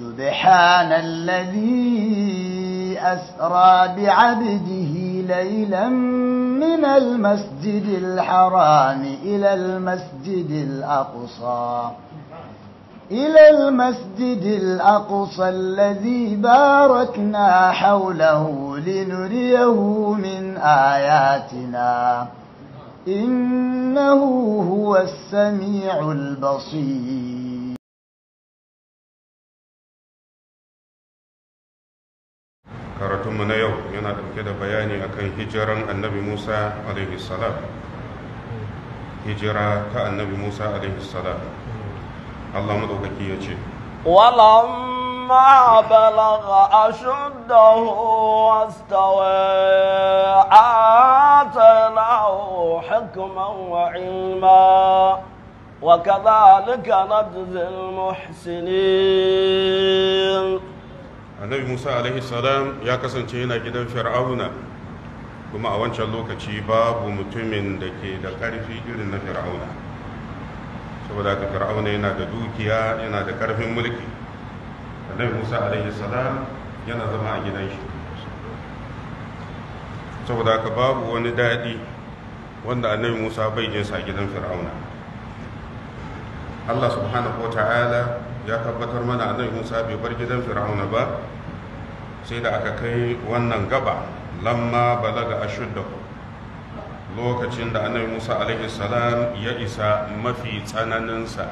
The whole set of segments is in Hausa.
سبحان الذي أسرى بعبده ليلا من المسجد الحرام إلى المسجد الأقصى إلى المسجد الأقصى الذي باركنا حوله لنريه من آياتنا إنه هو السميع البصير karatunmu na yau yana ɗauke da bayani akan hijiran annabi musa salam hijira ta annabi musa salam allah maɗaukaki ya ce walamma balagha ashuddahu wastawa atanahu hukman wa ilma wa kadhalika najzil muhsinin annabi musa alaihi salam ya kasance yana gidan fir'auna kuma a wancan lokaci babu mutumin da ke da ƙarfi irin na fir'auna saboda ka fir'auna yana da dukiya yana da ƙarfin mulki annabi musa alaihi salam yana zama a gidan shi saboda ka babu wani daɗi wanda annabi musa bai jinsa a gidan fir'auna allah subhanahu wa ta'ala ya tabbatar mana annabi musa bai bar gidan fir'auna ba sai da aka kai wannan gaba lamma balaga ashuddahu lokacin da annabi musa alaihi salam ya isa mafi tsananinsa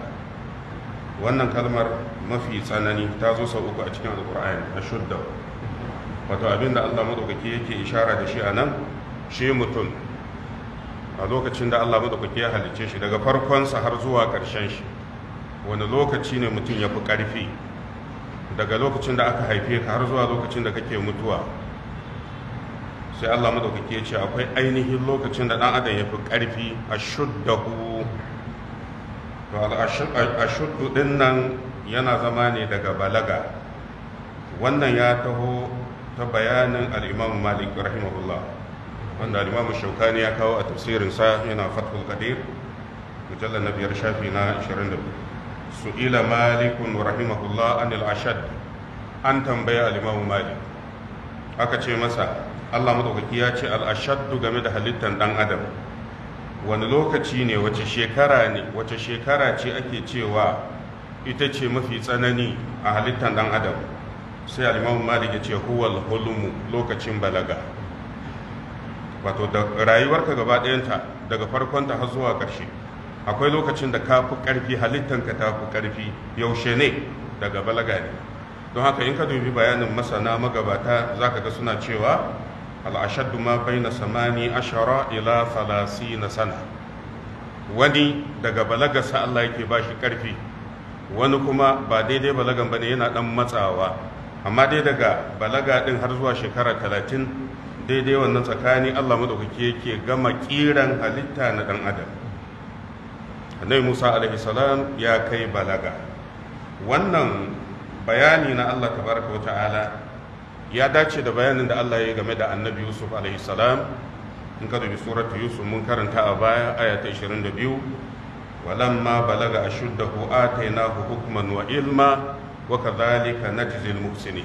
wannan kalmar mafi tsanani ta zo sau uku a cikin alkur'ani ashuddahu wato abin da allah maɗaukaki yake ishara da shi a nan shi mutum a lokacin da allah maɗaukaki ya halicce shi daga farkon sa har zuwa ƙarshen shi wani lokaci ne mutum ya fi ƙarfi daga lokacin da aka haife ka har zuwa lokacin da kake mutuwa sai Allah madaukake ya ce akwai ainihin lokacin da dan adam ya fi karfi a shuddahu to a shuddu din nan yana zama ne daga balaga wannan ya taho ta bayanin al-Imam Malik rahimahullah wanda al-Imam Shawkani ya kawo a tafsirin sa yana Fathul Qadir mujallal na biyar shafi na 22 su'ila malikun rahimahullah anil ashad an tambaya al-imamu malik aka ce masa Allah madaukaki ya ce al-ashaddu game da halittan dan adam wani lokaci ne wace shekara ne wace shekara ce ake cewa ita ce mafi tsanani a halittan dan adam sai al-imamu malik ya ce huwal hulmu lokacin balaga wato da rayuwarka gaba ɗayanta daga farkonta har zuwa ƙarshe akwai lokacin da ka fi ƙarfi halittanka ta fi ƙarfi yaushe ne daga balaga ne don haka in ka dubi bayanin masana magabata za ka ga suna cewa al'ashaddu ma bai na samani ashara ila falasi na sana wani daga balaga sa Allah yake ba shi ƙarfi wani kuma ba daidai balagan ba ne yana ɗan matsawa amma dai daga balaga ɗin har zuwa shekara talatin daidai wannan tsakani Allah maɗaukaki yake gama ƙiran halitta na ɗan adam annabi musa alaihi salam ya kai balaga wannan bayani na allah tabaraka wa ta'ala ya dace da bayanin da allah ya game da annabi yusuf alaihi salam in ka dubi suratu yusuf mun karanta a baya aya ta 22 ولما بلغ أشده wa حكما وعلما وكذلك نجزي muhsinin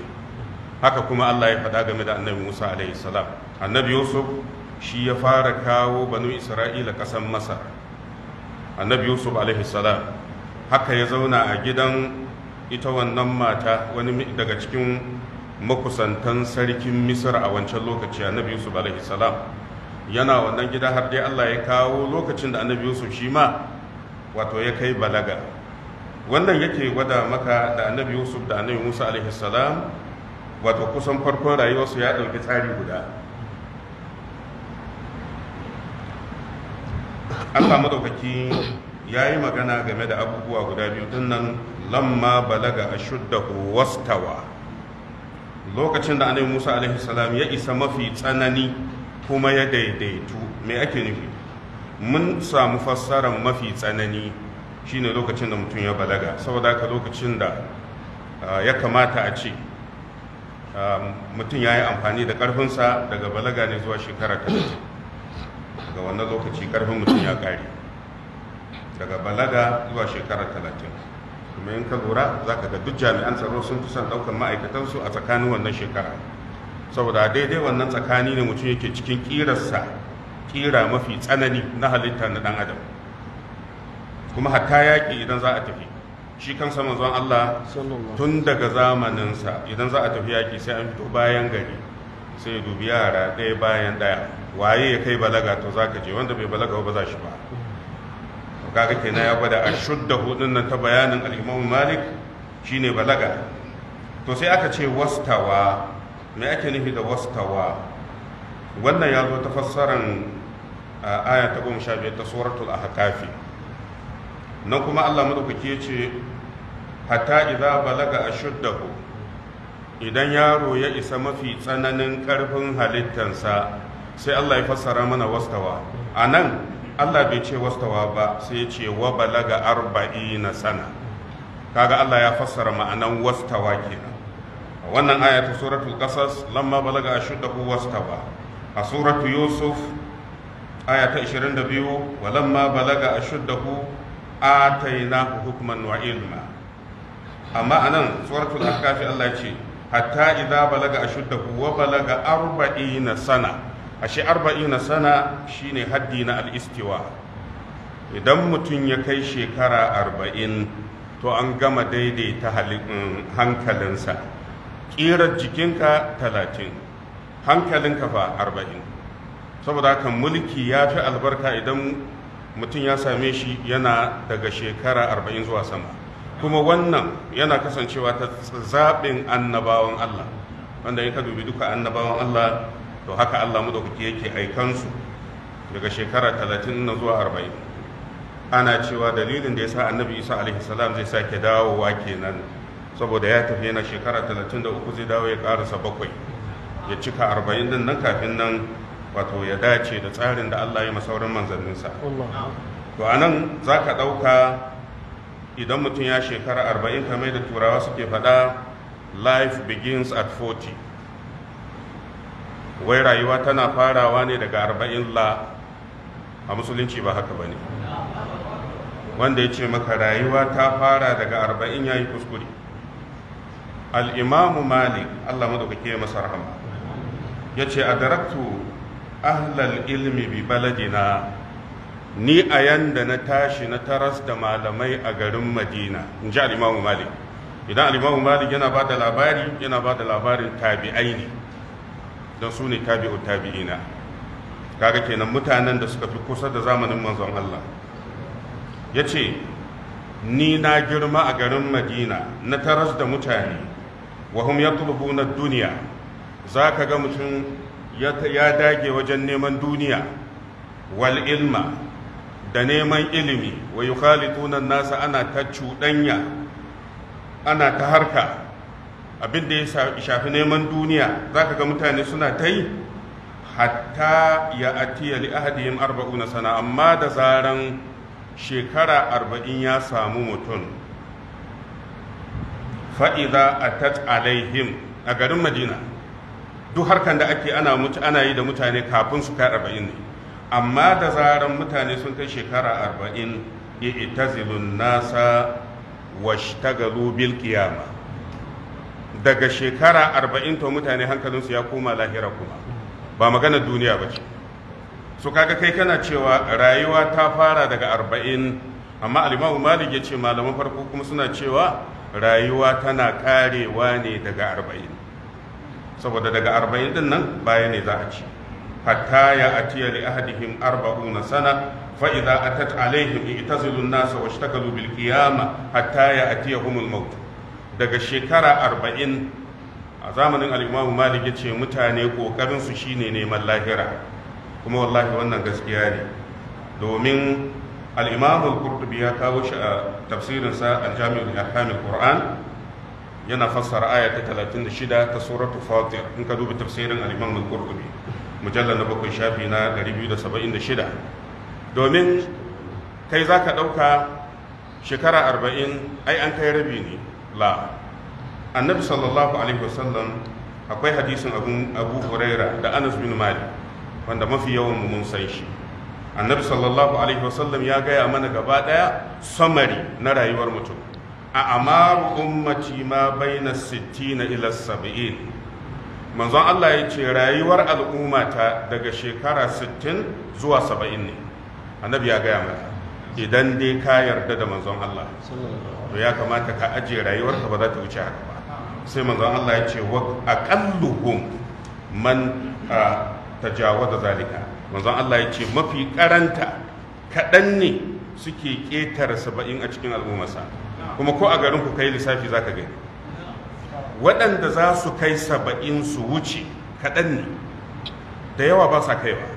haka kuma Allah ya faɗa game da annabi Musa alaihi salam annabi Yusuf shi ya fara kawo banu Isra'ila ƙasar Masar annabi yusuf Salam haka ya zauna a gidan ita wannan mata wani daga cikin makusantan sarkin misir a wancan lokaci annabi yusuf Salam. yana wannan gida har dai allah ya kawo lokacin da annabi yusuf shi ma wato ya kai balaga wannan yake gwada maka da annabi yusuf da annabi musa Salam wato kusan farkon rayuwarsu ya ɗauki tsari guda Allah madaukaki ya yi magana game da abubuwa guda biyu din nan lamma balaga ashuddahu wastawa lokacin da annabi Musa alaihi salam ya isa mafi tsanani kuma ya daidaitu me ake nufi mun samu fassarar mafi tsanani shine lokacin da mutum ya balaga saboda haka lokacin da ya kamata a ce mutum ya yi amfani da ƙarfinsa daga balaga ne zuwa shekara talatin daga wannan lokaci karfin mutum ya kare daga balaga zuwa shekarar talatin kuma in ka lura za ka ga duk jami'an tsaro sun fi son ɗaukar ma'aikatansu a tsakanin wannan shekara saboda daidai wannan tsakani ne mutum yake cikin ƙirarsa ƙira mafi tsanani na halitta na ɗan adam kuma hatta yaƙi idan za a tafi shi kan sama zuwan Allah tun daga zamaninsa idan za a tafi yaƙi sai an fito bayan gari sai dubi yara ɗaya bayan ɗaya waye ya kai balaga to za ka je wanda bai balaga ba za shi ba to kaga kenan ya gwada a shudda hudun nan ta bayanin al-imam malik shine balaga to sai aka ce wastawa me ake nufi da wastawa wannan ya zo ta fassaran aya ta goma sha biyar ta suratul ahqafi nan kuma Allah madaukaki ya ce hatta idza balaga ashuddahu idan yaro ya isa mafi tsananin karfin halittansa sai Allah ya fassara mana wastawa a nan Allah bai ce wastawa ba sai ya ce wa balaga na sana kaga Allah ya fassara ma'anan wastawa kenan a wannan aya ta suratul qasas lamma balaga ashuddahu wastawa a suratul yusuf aya ta 22 lamma balaga ashuddahu atainahu hukman wa ilma amma anan suratul ahqaf Allah ce hatta idza balaga ashuddahu wa balaga arba'ina sana ashe arba'ina sana shine haddi na al'istiwa idan mutum ya kai shekara arba'in to an gama daidaita mm, hankalinsa ƙirar jikinka talatin hankalinka fa arba'in saboda haka mulki ya fi albarka idan mutum ya same shi yana daga shekara arba'in zuwa sama kuma wannan yana kasancewa ta zaɓin annabawan allah wanda ya ka dubi duka annabawan allah to haka Allah madaukaki yake aikansu daga shekara 30 na zuwa 40 ana cewa dalilin da yasa annabi Isa alaihi salam zai sake dawowa kenan saboda ya tafi yana shekara 33 zai dawo ya karasa bakwai ya cika 40 din nan kafin nan wato ya dace da tsarin da Allah ya masaurin manzanninsa to anan zaka dauka idan mutum ya shekara 40 kamar da turawa suke faɗa life begins at 40 wai rayuwa tana farawa ne daga arba'in la a musulunci ba haka ba ne wanda ya ce maka rayuwa ta fara daga arba'in ya yi kuskure al'imamu malik allah maɗaukaki masa rahama ya ce a daraktu ahlal ilmi bi baladina ni a yanda na tashi na taras da malamai a garin madina in ji al'imamu malik idan al'imamu malik yana ba da labari yana ba da labarin tabi'ai ne don su ne tabi'u tabi'ina kaga kenan mutanen da suka fi kusa da zamanin manzon Allah ya ce ni na girma a garin madina na taras da mutane wa hum na duniya za ka ga mutum ya dage wajen neman duniya wal ilma da neman ilimi wa yukhalituna nasa ana ta cuɗanya ana ta harka abin da ya shafi neman duniya za ka ga mutane suna ta yi hatta ya atiya li ahadihim arba'una sana amma da zaran shekara arba'in ya samu mutum fa'iza atat alaihim a garin madina duk harkan da ake ana yi da mutane kafin su kai arba'in ne amma da zaran mutane sun kai shekara arba'in i'tazilun nasa washtagalu bil qiyamah daga shekara arba'in to mutane hankalinsu ya koma lahira kuma ba magana duniya ba ce su kaga kai kana cewa rayuwa ta fara daga arba'in amma alimamu malik ya ce malaman farko kuma suna cewa rayuwa tana karewa ne daga arba'in saboda daga arba'in din nan baya ne za a ci hatta ya atiya li ahadihim arba'una sana fa idza atat alaihim itazilu an-nas wa bil qiyamah hatta ya atiyahum al-maut daga shekara arba'in a zamanin al'imamu malik ya ce mutane ƙoƙarinsu shi ne neman lahira kuma wallahi wannan gaskiya ne domin al'imamu al-qurtubi ya kawo shi a tafsirinsa a jamiul ahkamil qur'an yana fassara aya ta 36 ta suratu fatir in ka duba tafsirin al-imamu al-qurtubi mujalla na bakwai shafi na 276 domin kai za ka ɗauka shekara arba'in ai an kai rabi ne la annabi sallallahu alaihi wasallam akwai hadisin abu huraira da anas bin malik wanda mafi yawan mun san shi annabi sallallahu alaihi wasallam ya gaya mana gaba daya samari na rayuwar mutum a amar ummati ma baina 60 ila 70 manzon Allah ya ce rayuwar al'ummata daga shekara 60 zuwa 70 ne annabi ya gaya mana idan dai ka yarda da manzon Allah sallallahu to ya kamata ka ajiye rayuwarka ba za ta wuce haka ba sai manzon Allah ya ce wa aqalluhum man tajawaza zalika manzon Allah ya ce mafi karanta kaɗan ne suke ƙetare saba'in a cikin al'ummarsa kuma ko a garin ku kai lissafi zaka gani waɗanda za su kai saba'in su wuce kaɗan ne da yawa ba sa kaiwa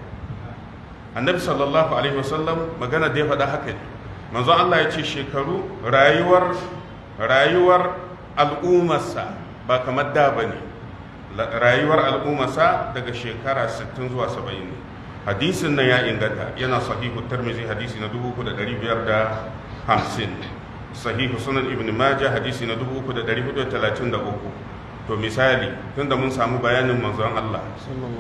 annabi sallallahu alaihi wasallam magana da ya faɗa haka ne manzo Allah ya ce shekaru rayuwar rayuwar al'ummarsa ba kamar da ba ne rayuwar al'ummarsa daga shekara 60 zuwa 70 ne hadisin nan ya inganta yana sahihu tarmizi hadisi na 4550 sahihu sunan ibn majah hadisi na 3433 to misali tunda mun samu bayanin manzon Allah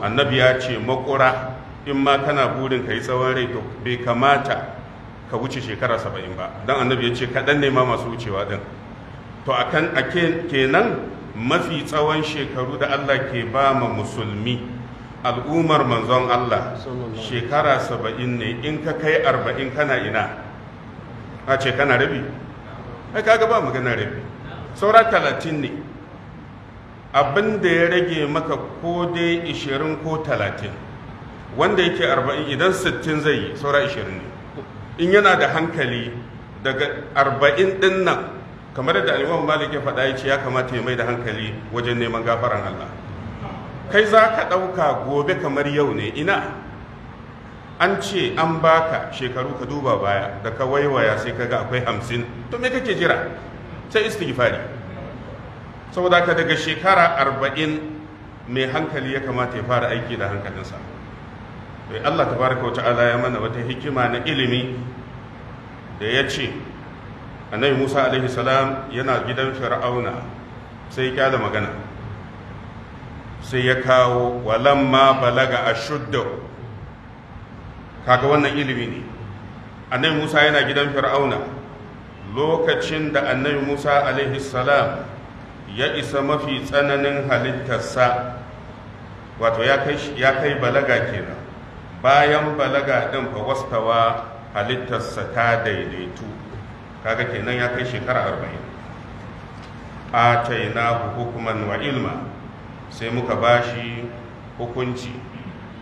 annabi ya ce makura in ma kana burin kai tsawon rai to bai kamata ka wuce shekara saba'in ba don annabi ya ce kaɗan ne ma masu wucewa ɗin to a kan a kenan mafi tsawon shekaru da allah ke ba ma musulmi al'ummar manzon allah shekara saba'in ne in ka kai arba'in kana ina a ce kana rabi ai kaga ba magana rabi saura talatin ne abin da ya rage maka ko dai ishirin ko talatin wanda yake arba'in idan sittin zai yi saura ishirin ne in yana da hankali daga arba'in din nan kamar da alimamu malik ya faɗa ya ce ya kamata ya mai da hankali wajen neman gafaran allah kai za ka ɗauka gobe kamar yau ne ina an ce an baka shekaru ka duba baya da ka waiwaya sai ka ga akwai hamsin to me kake jira sai istighfari saboda ka daga shekara arba'in mai hankali ya kamata ya fara aiki da hankalinsa Allah Ta baraka wa ta'ala ya mana wata hikima na ilimi da ya ce annabi Musa alaihi salam yana gidan fir'auna sai ya da magana sai ya kawo walamma balaga ashuddahu kaga wannan ilimi ne annabi musa yana gidan fir'auna lokacin da annabi musa alaihi salam ya isa mafi tsananin halittarsa wato ya kai balaga kenan bayan balaga ɗin fa wastawa halittarsa ta daidaitu kaga kenan ya kai shekara arba'in A taina hukuman wa ilma sai muka bashi hukunci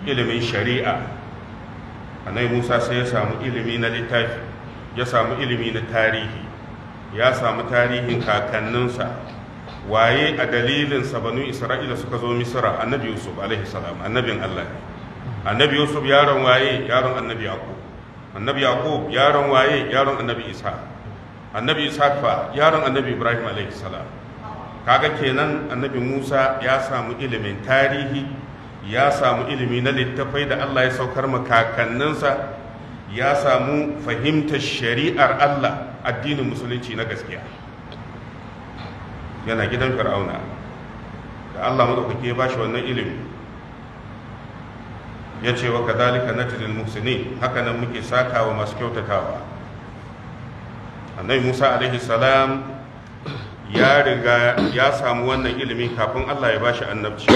ilimin shari'a anai musa sai ya samu ilimi na littafi ya samu ilimi na tarihi ya samu tarihin kakanninsa waye a dalilinsa banu isra'ila suka zo misira annabi yusuf alaihi salam annabin allah annabi yusuf yaron waye yaron annabi yaqub annabi yaqub yaron waye yaron annabi isa annabi isa fa yaron annabi ibrahim alayhi salam kaga kenan annabi musa ya samu ilimin tarihi ya samu ilimi na littafai da allah ya saukar makakanninsa ya samu fahimtar shari'ar allah addinin musulunci na gaskiya yana gidan fir'auna da allah maɗaukaki ya ba shi wannan ilimi ya ce wa na najril muhsinin haka nan muke sakawa masu kyautatawa annabi Musa alaihi salam ya riga ya samu wannan ilimi kafin Allah ya bashi annabci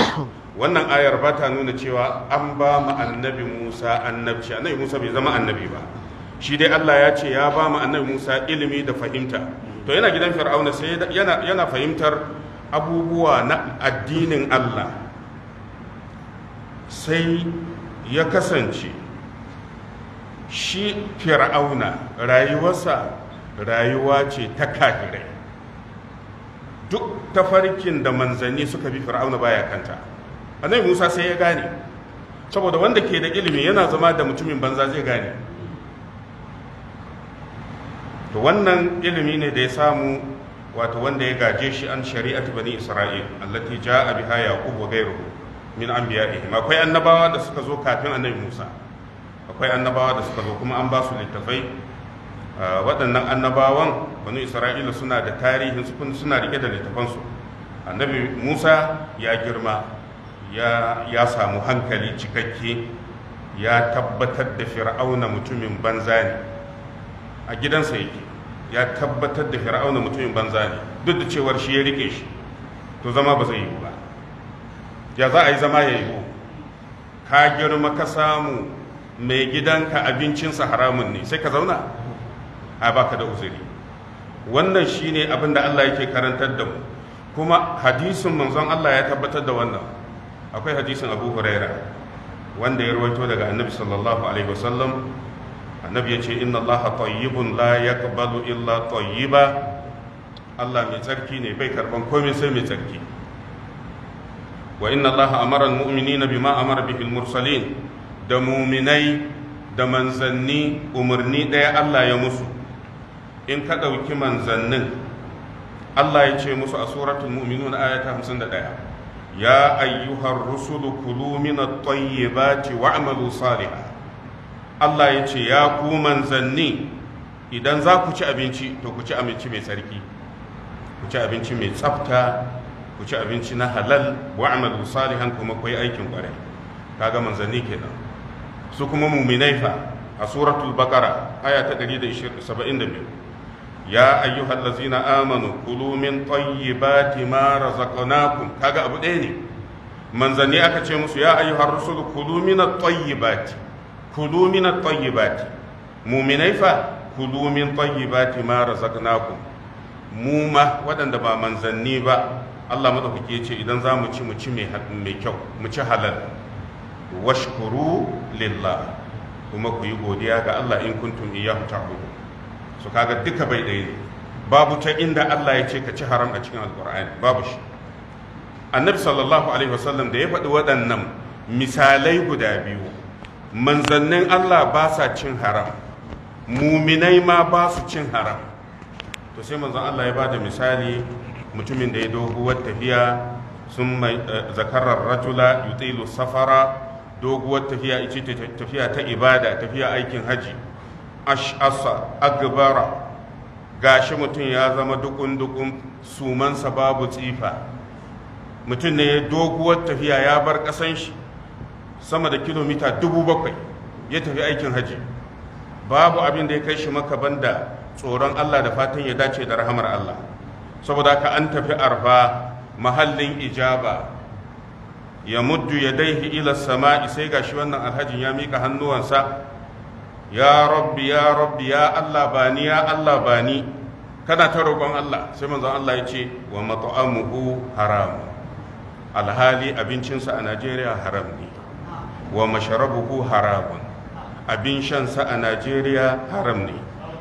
wannan ayar ba ta nuna cewa an ba mu annabi Musa annabci annabi Musa bai zama annabi ba shi dai Allah ya ce ya ba mu annabi Musa ilimi da fahimta to yana gidan Fir'auna sai yana fahimtar abubuwa na addinin Allah sai ya kasance shi fir'auna rayuwarsa rayuwa ce ta kafirai duk tafarkin da manzanni suka bi fir'auna baya kanta annabi musa sai ya gane saboda wanda ke da ilimi yana zama da mutumin banza zai gane to wannan ilimi ne da ya samu wato wanda ya gaje shi an shari'atu bani isra'il allati ja'a biha yaqub wa ghayruhu min anbiya'ihim akwai annabawa da suka zo kafin annabi Musa akwai annabawa da suka zo kuma an ba su littafai ah, waɗannan annabawan wani Isra'ila suna da tarihin su suna rike da littafansu annabi Musa ya girma ya ya samu hankali cikakke ya tabbatar da fir'auna mutumin banza ne a gidansa yake ya tabbatar da fir'auna mutumin banza ne duk da cewar shi ya rike shi to zama ba zai yi ba ya za a yi zama ya yi ko. ka girma ka samu mai gidanka abincinsa haramun ne sai ka zauna a baka da uzuri wannan shine abin da Allah yake karantar da mu kuma hadisin manzon Allah ya tabbatar da wannan akwai hadisin Abu Huraira wanda ya rawaito daga Annabi sallallahu alaihi wasallam Annabi ya ce inna Allah tayyibun la yaqbalu illa tayyiba Allah mai tsarki ne bai karban komai sai mai tsarki wa inna allaha amara almu'minina bima amara bihi mursalin da muminai da manzanni umarni ɗaya Allah ya musu in ka ɗauki manzannin Allah ya ce musu a suratul mu'minun da ɗaya. ya ayyuhar rusulu kulu min at-tayyibati wa'malu salihan Allah ya ce ya ku manzanni idan za ku ci abinci to ku ci abinci mai tsarki ku ci abinci mai tsafta ku ci abinci na halal wa amalu salihan kuma ku yi aikin kwarai kaga manzanni kenan su kuma muminai fa a suratul baqara aya ta 172 ya ayyuhal ladzina amanu kulu min tayyibati ma razaqnakum kaga abu ɗaya ne manzanni aka ce musu ya ayyuhar rusul kulu min at-tayyibati kulu min at-tayyibati muminai fa kulu min tayyibati ma razaqnakum mu ma waɗanda ba manzanni ba Allah madaukaki yace idan za mu ci mu ci mai kyau mu ci halal washkuru lillah kuma ku yi godiya ga Allah in kuntum iyyahu ta'budu so kaga duka bai da ne babu ta inda Allah ya ce ka ci haram a cikin alqur'ani babu shi annabi sallallahu alaihi wasallam da ya faɗi waɗannan misalai guda biyu manzannin Allah ba sa cin haram muminai ma ba su cin haram to sai manzon Allah ya ba da misali mutumin da ya doguwar tafiya sun mai eh, zakarar rajula yutilu safara doguwar tafiya ice tafiya ta ibada tafiya aikin haji ash'asa agbara gashi mutum ya zama dukun dukun sumansa babu tsifa mutum ne ya doguwar tafiya ya bar kasan shi sama da kilomita dubu bakwai ya tafi aikin haji babu abin da ya kai shi maka banda tsoron Allah da fatan ya dace da rahamar Allah saboda ka an tafi arfa mahallin ijaba ya muddu ya daihi ila sama'i sai gashi wannan alhajin ya mika hannuwansa ya rabbi ya rabbi ya allah bani ya allah bani kana ta roƙon allah sai manzon allah ya ce wa mat'amuhu haram alhali abincinsa a najeriya haram ne wa masharabuhu haramun abin shansa a najeriya haram ne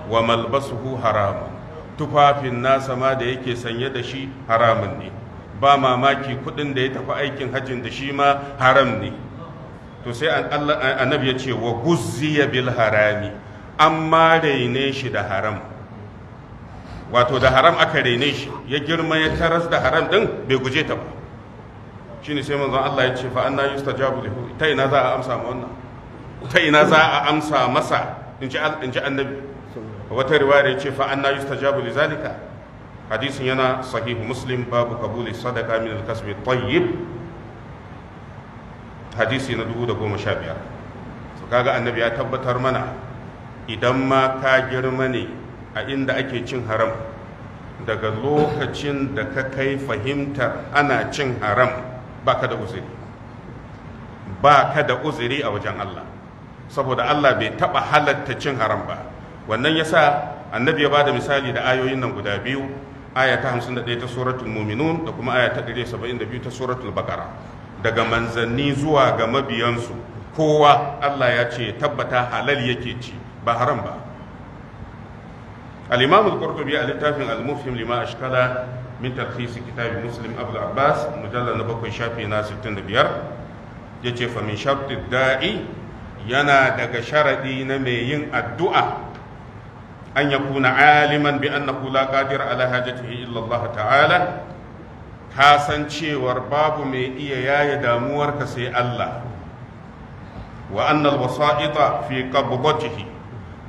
wa malbasuhu haramun tufafin nasa ma da yake sanye da shi haramun ne ba mamaki kuɗin da ya tafi aikin hajjin da shi ma haram ne to sai annabi ya ce wa guzziya bil harami an ma raine shi da haram wato da haram aka raine shi ya girma ya taras da haram din bai guje ta ba shine sai manzon Allah ya ce fa anna yustajabu lahu ta ina za a amsa ma wannan ta ina za a amsa masa in ji annabi wata riwaya ce fa anna yustajabu li zalika hadisin yana sahihu muslim babu kabuli sadaka min al-kasbi tayyib hadisi na 2015 so kaga annabi ya tabbatar mana idan ma ka girma ne a inda ake cin haram daga lokacin da ka kai fahimtar ana cin haram ba ka da uziri ba ka da a wajen Allah saboda Allah bai taɓa halatta cin haram ba wannan yasa annabi ya bada misali da ayoyin nan guda biyu aya ta 51 ta suratul muminun da kuma aya ta 172 ta suratul baqara daga manzanni zuwa ga mabiyansu kowa Allah ya ce tabbata halal yake ci ba haram ba al-imam al-qurtubi a littafin al-mufhim lima ashkala min tarkhis kitab muslim abu abbas mujallal na bakwai shafi na 65 yace fa min sharti da'i yana daga sharadi na mai yin addu'a an yakuna aliman bi annahu la qadir ala hajatihi illa Allah ta'ala ka san cewar babu mai iya yaya damuwarka sai Allah wa annal wasa'ita fi qabdatihi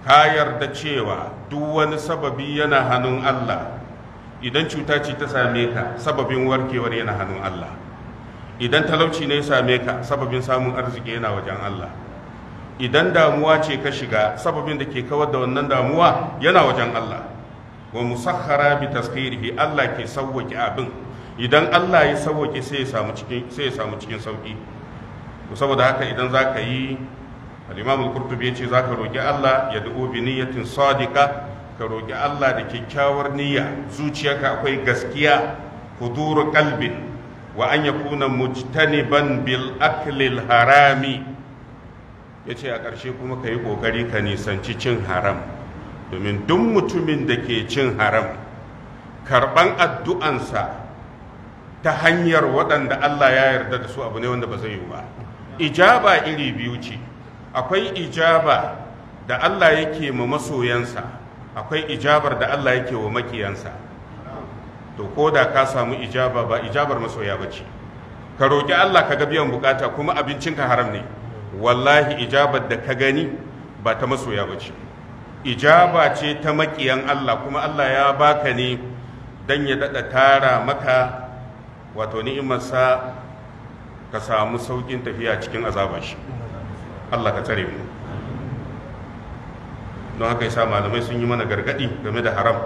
ka yarda cewa duk wani sababi yana hannun Allah idan cuta ce ta same ka sababin warkewar yana hannun Allah idan talauci ne ya same ka sababin samun arziki yana wajen Allah idan damuwa ce ka shiga sababin da ke kawar da wannan damuwa yana wajen Allah wa musakhara bi Allah ke sauwaki abin idan Allah ya sauwaki sai ya samu cikin sai ya samu cikin sauki saboda haka idan zaka yi al-Imam al-Qurtubi yace zaka roki Allah ya du'u bi niyyatin sadiqa ka roki Allah da kyakkyawar niyya zuciyarka akwai gaskiya huduru qalbin wa an yakuna mujtaniban bil aklil harami ya ce a ƙarshe kuma ka yi ƙoƙari ka nisanci cin haram domin duk mutumin da ke cin haram karɓan addu'ansa ta hanyar waɗanda Allah ya yarda da su abu ne wanda ba zai yi ba ijaba iri biyu ce akwai ijaba da Allah yake ma masoyansa akwai ijabar da Allah yake wa makiyansa to ko da ka samu ijaba ba ijabar masoya ba ce ka roƙi Allah ka ga biyan bukata kuma abincinka haram ne wallahi ijabar da ka gani ba ta masoya ba ce ijaba ce ta makiyan Allah kuma Allah ya baka ne don ya daɗa tara maka wato ni'imarsa ka samu sauƙin tafiya cikin azabar shi Allah ka tsare mu don haka yasa malamai sun yi mana gargaɗi game da haram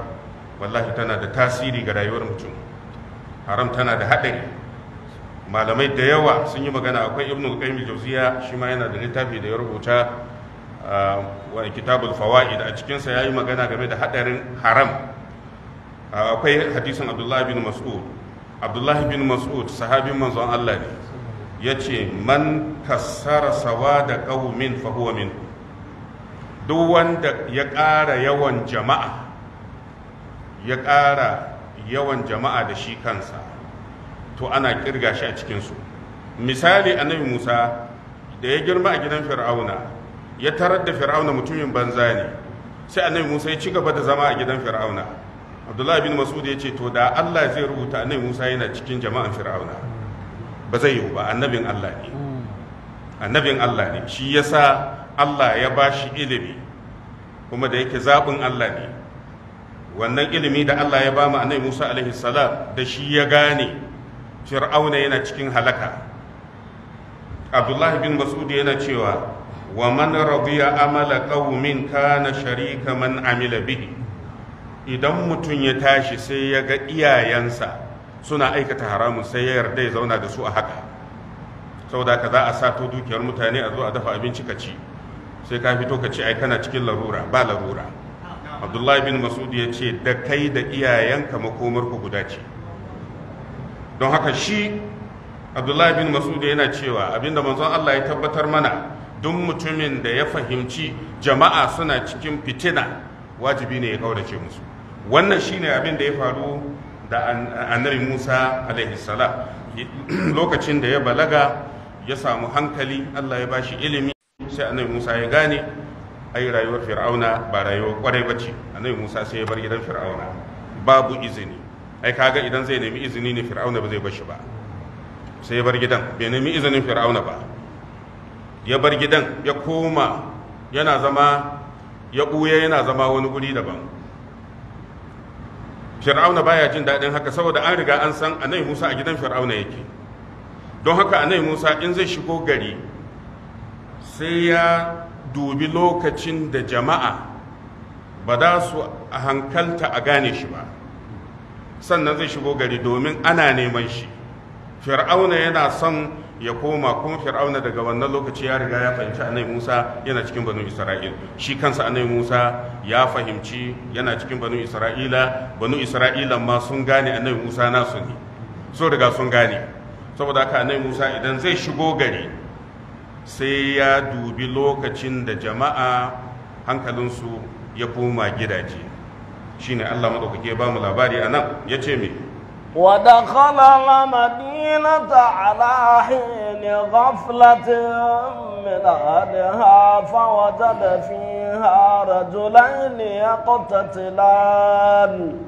wallahi tana da tasiri ga rayuwar mutum haram tana da haɗari malamai da yawa sun yi magana akwai ibnu qayyim jauziya shi ma yana da littafi da ya rubuta ah, wa kitabul fawaid a cikin sa yayi magana game da hadarin haram ah, akwai hadisin abdullah bin mas'ud abdullah bin mas'ud sahabin manzon Allah ne yace man kassara sawada qaumin fa huwa min duk wanda ya ƙara yawan jama'a ya ƙara yawan jama'a da shi kansa to ana kirga shi a cikinsu misali annabi musa da ya girma a gidan fir'auna ya tarar da fir'auna mutumin banza ne sai annabi musa ya ci gaba da zama a gidan fir'auna abdullahi bin masud ya ce to da allah zai rubuta annabi musa yana cikin jama'an fir'auna ba zai yiwu ba annabin allah ne annabin allah ne shi yasa allah ya ba shi ilimi kuma da yake zaɓin allah ne wannan ilimi da allah ya ba mu annabi musa alaihi salam da shi ya gane fir'auna yana cikin halaka abdullahi bin mas'ud yana cewa wa man radiya amala qaumin kana sharika man amila bihi idan mutum ya tashi sai ya ga iyayensa suna aikata haramun sai ya yarda ya zauna da su a haka saboda ka za a sato dukiyar mutane a zo a dafa abinci ka ci sai ka fito ka ci ai kana cikin larura ba larura abdullahi bin masud ya ce da kai da iyayenka makomarku ku guda ce don haka shi abdullahi bin masud yana cewa abinda manzon Allah ya tabbatar mana duk mutumin da ya fahimci jama'a suna cikin fitina wajibi ne ya kaurace musu wannan shine abin da ya faru da annabi Musa alaihi salam lokacin da ya balaga ya samu hankali Allah ya bashi ilimi sai annabi Musa ya gane ai rayuwar fir'auna ba rayuwar kwarai bace annabi Musa sai ya bar gidan fir'auna babu izini ai kaga idan zai nemi izini ne fir'auna ba zai bar shi ba sai ya bar gidan bai nemi izinin fir'auna ba ya bar gidan ya koma yana zama ya buye yana zama wani guri daban fir'auna baya jin daɗin haka saboda an riga an san anai musa a gidan fir'auna yake don haka anai musa in zai shigo gari sai ya dubi lokacin da jama'a ba za su a hankalta a gane shi ba sannan zai shigo gari domin ana neman shi fir'auna yana son ya koma kuma fir'auna daga wannan lokaci ya riga ya fahimci annabi Musa yana cikin banu Isra'il shi kansa annabi Musa ya fahimci yana cikin banu Isra'ila banu Isra'ila ma sun gane annabi Musa nasu ne so riga sun gane saboda haka annabi Musa idan zai shigo gari sai ya dubi lokacin da jama'a hankalinsu ya koma gidaje shine Allah madaukake ba mu labari anan yace me wa dakhala madinata ala hin ghaflatin من أهلها فوجد فيها رجلين يقتتلان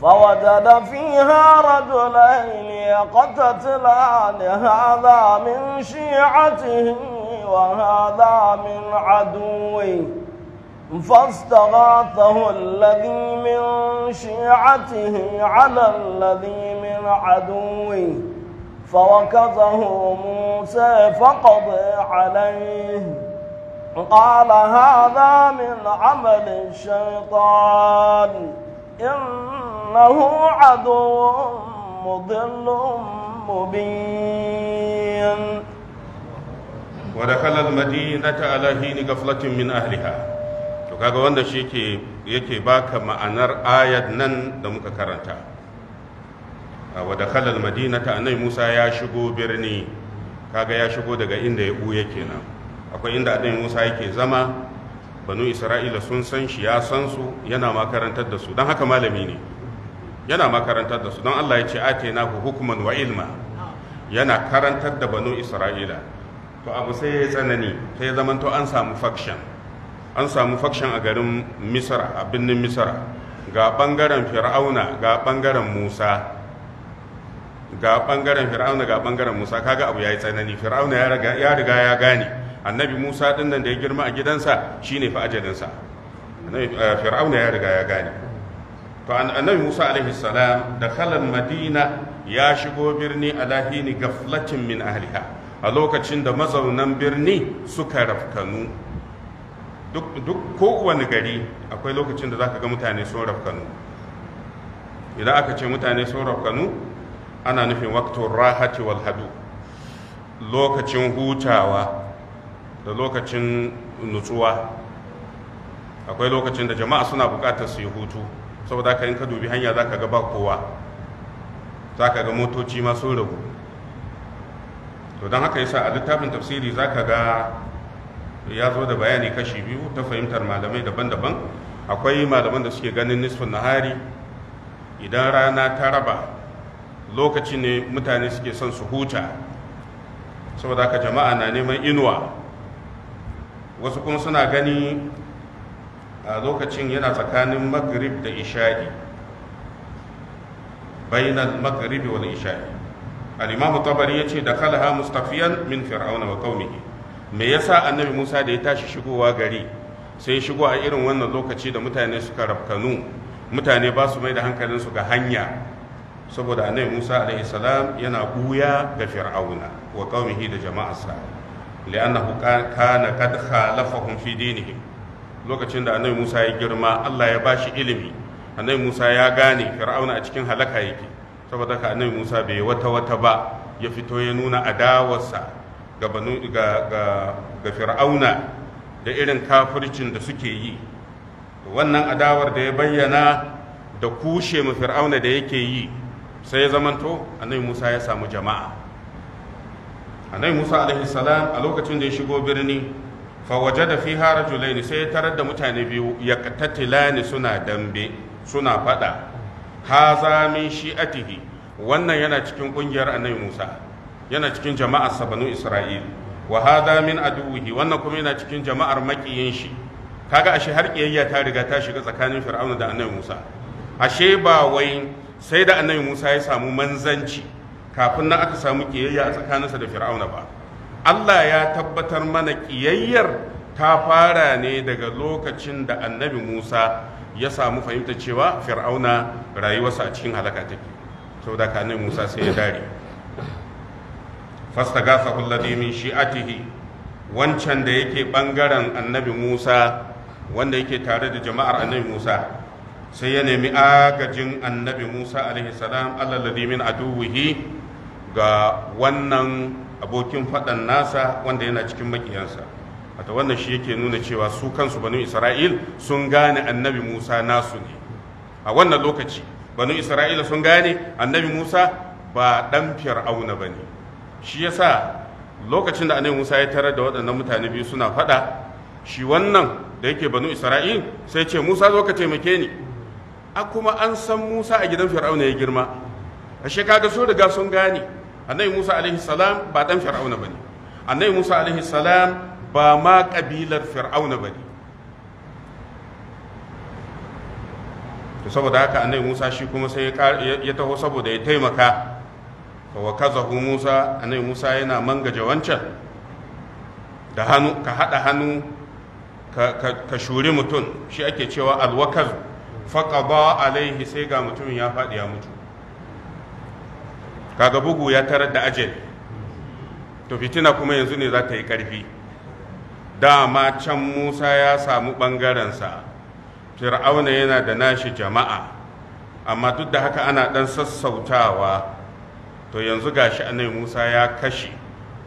فوجد فيها رجلين يقتتلان هذا من شيعته وهذا من عدوه فاستغاثه الذي من شيعته على الذي من عدوه فوكزه موسى فقضى عليه قال هذا من عمل الشيطان إنه عدو مضل مبين ودخل المدينة على حين غفلة من أهلها kaga wanda shi ke yake baka ma'anar ayat nan da muka karanta wa da kalal ta annabi Musa ya shigo birni kaga ya shigo daga inda ya buya kenan akwai inda annabi Musa yake zama banu Isra'ila sun san shi ya san su yana makarantar da su don haka malami ne yana makarantar da su don Allah ya ce atena ku hukuman wa ilma yana karantar da banu Isra'ila to abu sai ya tsanani sai ya zamanto an samu faction an samu fakshin a garin misra a birnin misra ga ɓangaren fir'auna ga ɓangaren musa ga ɓangaren fir'auna ga ɓangaren musa kaga abu ya yi tsanani fir'auna ya riga ya gane annabi musa ɗin nan da ya girma a gidansa shine fa ajalinsa eh, fir'auna ya riga ya gane to annabi musa alaihi salam da kalan madina ya shigo birni alahini gaflatin min ahliha a lokacin da mazaunan birni suka rafkanu duk ko wani gari akwai lokacin da zaka ga mutane sun rafkanu idan aka ce mutane sun rafkanu ana nufin waktun rahati wal hadu lokacin hutawa da lokacin nutsuwa akwai lokacin da jama'a suna bukatar su yi hutu saboda haka in ka dubi hanya zaka ga ba kowa ka ga motoci ma sun to don haka yasa a littafin tafsiri zaka ga ya zo da bayani kashi biyu ta fahimtar malamai daban-daban akwai malaman da suke ganin nisfin nahari idan rana ta raba lokaci ne mutane suke son su huta saboda haka jama'a na neman inuwa wasu kuma suna gani a lokacin yana tsakanin maghrib da isha'i bainal maghribi wal isha'i al-imam tabari yace da kalaha mustafiyan min fir'auna wa qaumihi me yasa annabi musa da ya tashi shigowa gari sai shigo a irin wannan lokaci da mutane suka rafkanu mutane ba su mai da hankalinsu ga hanya saboda annabi musa alaihi salam yana buya ga fir'auna wa kaumihi da jama'arsa li'annahu kana qad khalafahum fi dinihim lokacin da annabi musa ya girma Allah ya bashi ilimi annabi musa ya gane fir'auna a cikin halaka yake saboda ka annabi musa bai wata wata ba ya fito ya nuna adawarsa ga fir'auna da irin kafircin da suke yi wannan adawar da ya bayyana da kushe mu fir'auna da yake yi sai ya zamanto annabi musa ya samu jama'a annabi musa alaihi salam a lokacin da ya shigo birni fawaje da fi harajulaini sai ya tarar da mutane biyu ya tattilani suna dambe suna fada haza min shi'atihi wannan yana cikin kungiyar annabi musa yana cikin jama'ar sabanu isra'il wa hada min aduwihi wannan kuma yana cikin jama'ar makiyin shi kaga ashe har kiyayya ta riga ta shiga tsakanin fir'auna da annabi musa ashe ba wai sai da annabi musa ya samu manzanci kafin nan aka samu kiyayya a tsakaninsa da fir'auna ba allah ya tabbatar mana kiyayyar ta fara ne daga lokacin da annabi musa ya samu fahimta cewa fir'auna rayuwarsa a cikin halaka take saboda kanin musa sai ya dare fastagasahu alladhi min shi'atihi wancan da yake bangaren annabi Musa wanda yake tare da jama'ar annabi Musa sai ya nemi agajin annabi Musa alaihi salam alladhi min aduwihi ga wannan abokin faɗan nasa wanda yana cikin makiyansa wata wannan shi yake nuna cewa su kansu banu isra'il sun gane annabi musa nasu ne a wannan lokaci banu isra'ila sun gane annabi musa ba ɗan fir'auna ba ne shi sa lokacin da anayin Musa ya tarar da waɗannan mutane biyu suna faɗa shi wannan da yake banu Isra'il sai ce Musa zo ka taimake ni a kuma an san Musa a gidan Fir'auna ya girma a kaga so riga sun gane anayin Musa alaihi salam ba dan Fir'auna ne anayin Musa alaihi salam ba ma ƙabilar Fir'auna ba to saboda haka annabi Musa shi kuma sai ya taho saboda ya taimaka wa kazahu musa anai musa yana mangaje wancan da hannu ka haɗa hannu ka shuri mutum shi ake cewa alwakaz faƙaba alaihi sai ga mutumin ya faɗi ya mutu kaga bugu ya tarar da ajal to fitina kuma yanzu ne za ta yi ƙarfi dama can musa ya samu ɓangarensa fir'auna yana da nashi jama'a amma duk da haka ana ɗan sassautawa to yanzu gashi annabi Musa ya kashe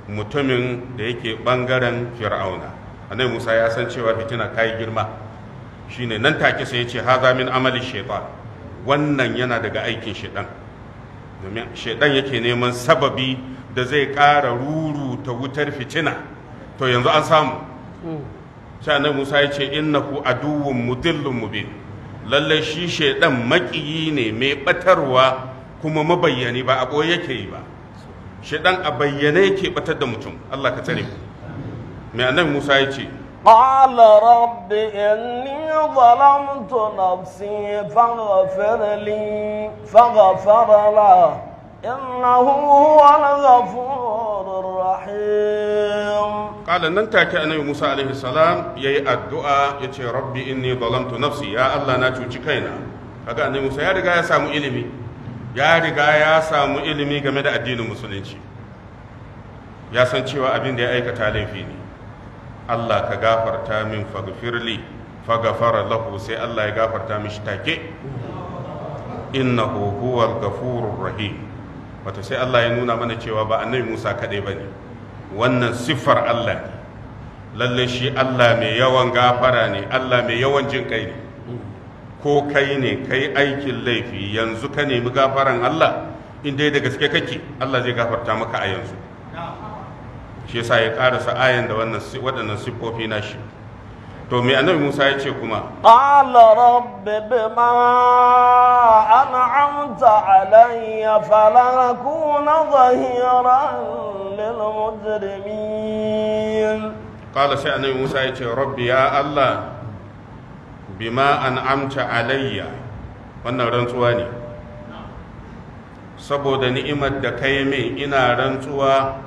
mutumin da yake bangaren fir'auna annabi Musa ya san cewa fitina kayi girma shine nan take sai ya ce haza min amali shaytan wannan yana daga aikin shaytan domin shaytan yake neman sababi da zai ƙara ruru ta wutar fitina to yanzu an samu sai annabi Musa ya ce innahu aduwwun mudillun mubin lalle shi shaytan maƙiyi ne mai batarwa kuma mabayyani ba a ɓoye yake yi ba shaɗan a bayyane yake batar da mutum Allah ka tsare ku mai annabi Musa ya ce قال رب إني ظلمت نفسي فاغفر لي فغفر له إنه هو الغفور الرحيم قال موسى عليه السلام الدعاء يتي ربي إني ظلمت نفسي يا الله ناتو تكينا Musa ya riga ya samu ilimi ya riga ya samu ilimi game da addinin musulunci ya san cewa abin da ya aikata laifi ne Allah ka gafarta min faghfirli faghfara lahu sai Allah ya gafarta mishi take innahu huwal ghafurur rahim wato sai Allah ya nuna mana cewa ba annabi Musa kadai bane wannan siffar Allah ne lalle shi Allah mai yawan gafara ne Allah mai yawan jin kai ne ko kai ne kai aikin laifi yanzu ka nemi gafaran Allah in dai da gaske kake Allah zai gafarta maka a yanzu shi yasa ya karasa ayan da wannan waɗannan siffofi na shi to me annabi Musa ya ce kuma qala rabbi bima an'amta alayya fala nakuna lil mujrimin qala sai annabi Musa ya ce rabbi ya Allah bima an amta alayya wannan rantsuwa ne saboda ni'imar da kai min ina rantsuwa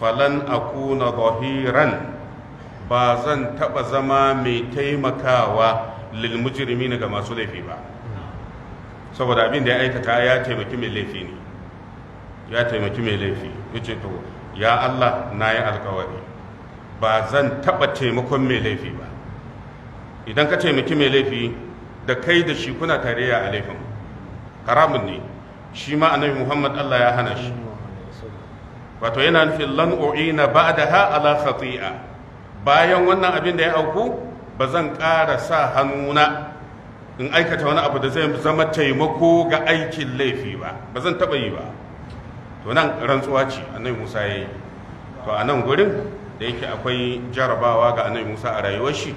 falan akuna zahiran ba zan taɓa zama mai taimakawa lilmujirmi ga masu laifi ba saboda abin da ya aikata ya taimaki mai laifi ne ya taimaki mai laifi yace to ya Allah na yi alkawari ba zan taɓa taimakon mai laifi ba idan ka taimaki mai laifi da kai da shi kuna tarayya a laifin haramun ne shi ma annabi muhammad allah ya hana shi wato yana nufin lan u'ina ha ala khati'a bayan wannan abin da ya auku ba zan ƙara sa hannuna in aikata wani abu da zai zama taimako ga aikin laifi ba ba zan taɓa yi ba to nan rantsuwa ce annabi musa ya yi to a nan gurin da yake akwai jarabawa ga annabi musa a rayuwar shi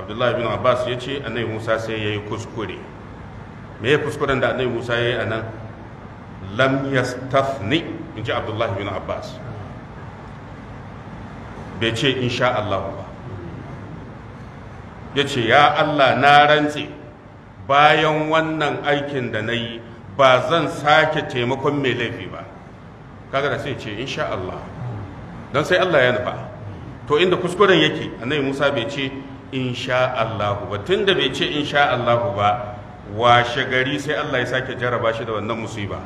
abdullahi bin abbas ya ce annabi musa sai ya yi kuskure me ya kuskuren da annabi musa ya yi a nan lam yastafni in ji abdullahi bin abbas bai ce insha Allah ba ya ce ya Allah na rantse bayan wannan aikin da na yi ba zan sake taimakon mai laifi ba kaga da sai ce insha Allah don sai Allah ya nufa to inda kuskuren yake annabi Musa bai ce insha Allahu ba da bai ce insha Allahu ba washe gari sai Allah ya sake jaraba shi da wannan musiba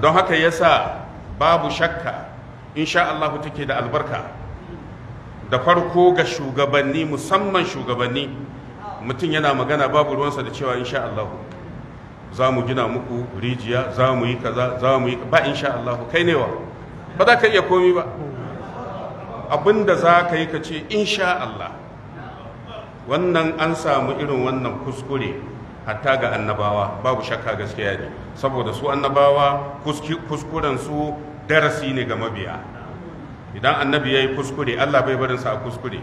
don haka ya sa babu shakka insha Allahu take da albarka da farko ga shugabanni musamman shugabanni mutum yana magana babu ruwansa da cewa insha Allahu za mu gina muku rijiya za mu yi kaza za mu yi ba insha Allahu kai newa ba za ka iya komi ba da za ka yi ka ce insha Allah wannan an samu irin wannan kuskure hatta ga annabawa babu shakka gaskiya ne saboda su annabawa kuskuren su darasi ne ga mabiya idan annabi ya yi kuskure Allah bai barinsa a kuskure